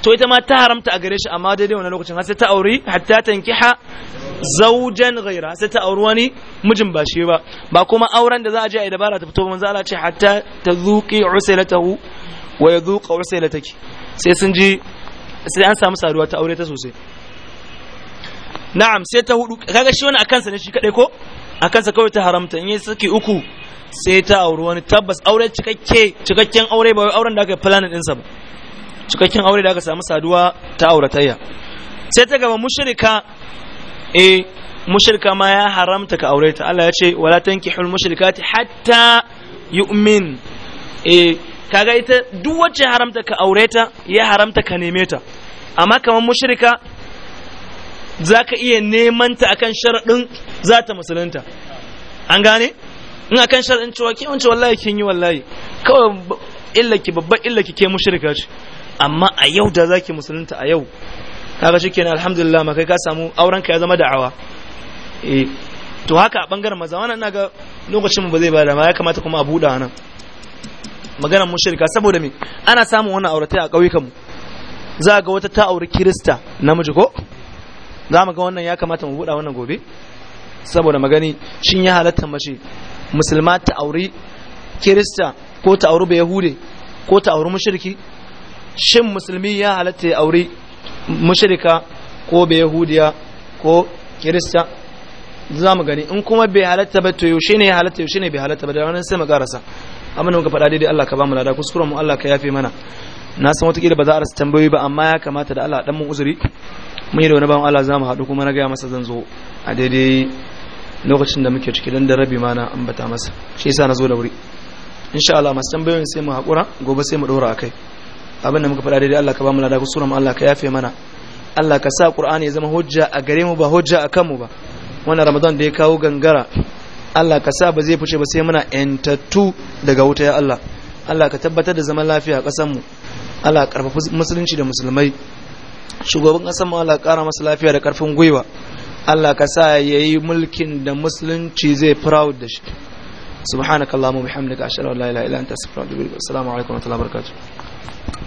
Speaker 1: to ita ma ta haramta a gare shi amma daidai wannan lokacin har sai ta auri hatta tankiha zaujan ghaira sai ta auri wani mijin ba shi ba ba kuma auren da za a je a yi dabara ta fito manzo Allah ce hatta tazuqi usailatahu wa yadhuqa usailataki sai sun ji sai an samu saduwa ta aure ta sosai na'am sai ta hudu kaga shi wani a kansa ne shi kadai ko a kansa kawai ta haramta in yi saki uku sai ta auri wani tabbas aure cikakke cikakken aure ba wai auren da aka planning ɗinsa ba cikakken aure da aka samu saduwa ta auratayya sai ta gaba mushrika eh mushrika ma ya haramta ka aure ta Allah ya ce wala tankihul mushrikati hatta yu'min eh kaga ita duk wacce haramta ka aure ta ya haramta ka neme ta amma kamar mushrika zaka iya neman ta akan sharadin za ta musulunta an gane in akan sharadin cewa ke wance wallahi kin yi wallahi kawai illaki babban illaki ke mushrika ce amma a yau da zaki musulunta a yau kaga shikenan alhamdulillah ma kai ka samu auren ka ya zama da'awa eh, to haka a bangaren maza wannan ina ga lokacin ba zai bada ma ya kamata kuma a buɗa nan maganar mushrika saboda me ana samun wannan aurata a ƙauyukan mu za ga wata ta auri kirista namiji ko za mu ga wannan ya kamata mu buɗa wannan gobe saboda magani shin ya halatta mace musulma ta auri kirista ko ta auri yahude ko ta auri mushriki shin musulmi ya halatta ya auri mushrika ko yahudiya ko kirista za mu gani in kuma bai halatta ba to yaushe ne ya halatta yaushe ne bai halatta ba da ranar sai mu karasa amma muka faɗa daidai Allah ka ba mu lada kuskuren mu Allah ka yafe mana na san wata kila ba za a rasa tambayoyi ba amma ya kamata da Allah dan mun uzuri mun yi da wani bawan Allah za mu haɗu kuma na gaya masa zan zo a daidai lokacin da muke ciki dan da rabi ma na ambata masa shi yasa na zo da wuri insha Allah masu tambayoyin sai mu hakura gobe sai mu dora akai abin da muka faɗa daidai Allah ka ba mu lada sura mu Allah ka yafe mana Allah ka sa Qur'ani ya zama hujja a gare mu ba hujja a kanmu ba wannan Ramadan da ya kawo gangara Allah ka sa ba zai fice ba sai muna yantattu daga wuta ya Allah Allah ka tabbatar da zaman lafiya a ƙasar mu Allah ka karfafa musulunci da musulmai shugaban ƙasar mu Allah ka ƙara masa lafiya da karfin gwiwa Allah ka sa yayi mulkin da musulunci zai proud da shi subhanakallahumma bihamdika ashhadu an la ilaha illa anta astaghfiruka wa atubu ilaik assalamu alaikum wa rahmatullahi wa barakatuh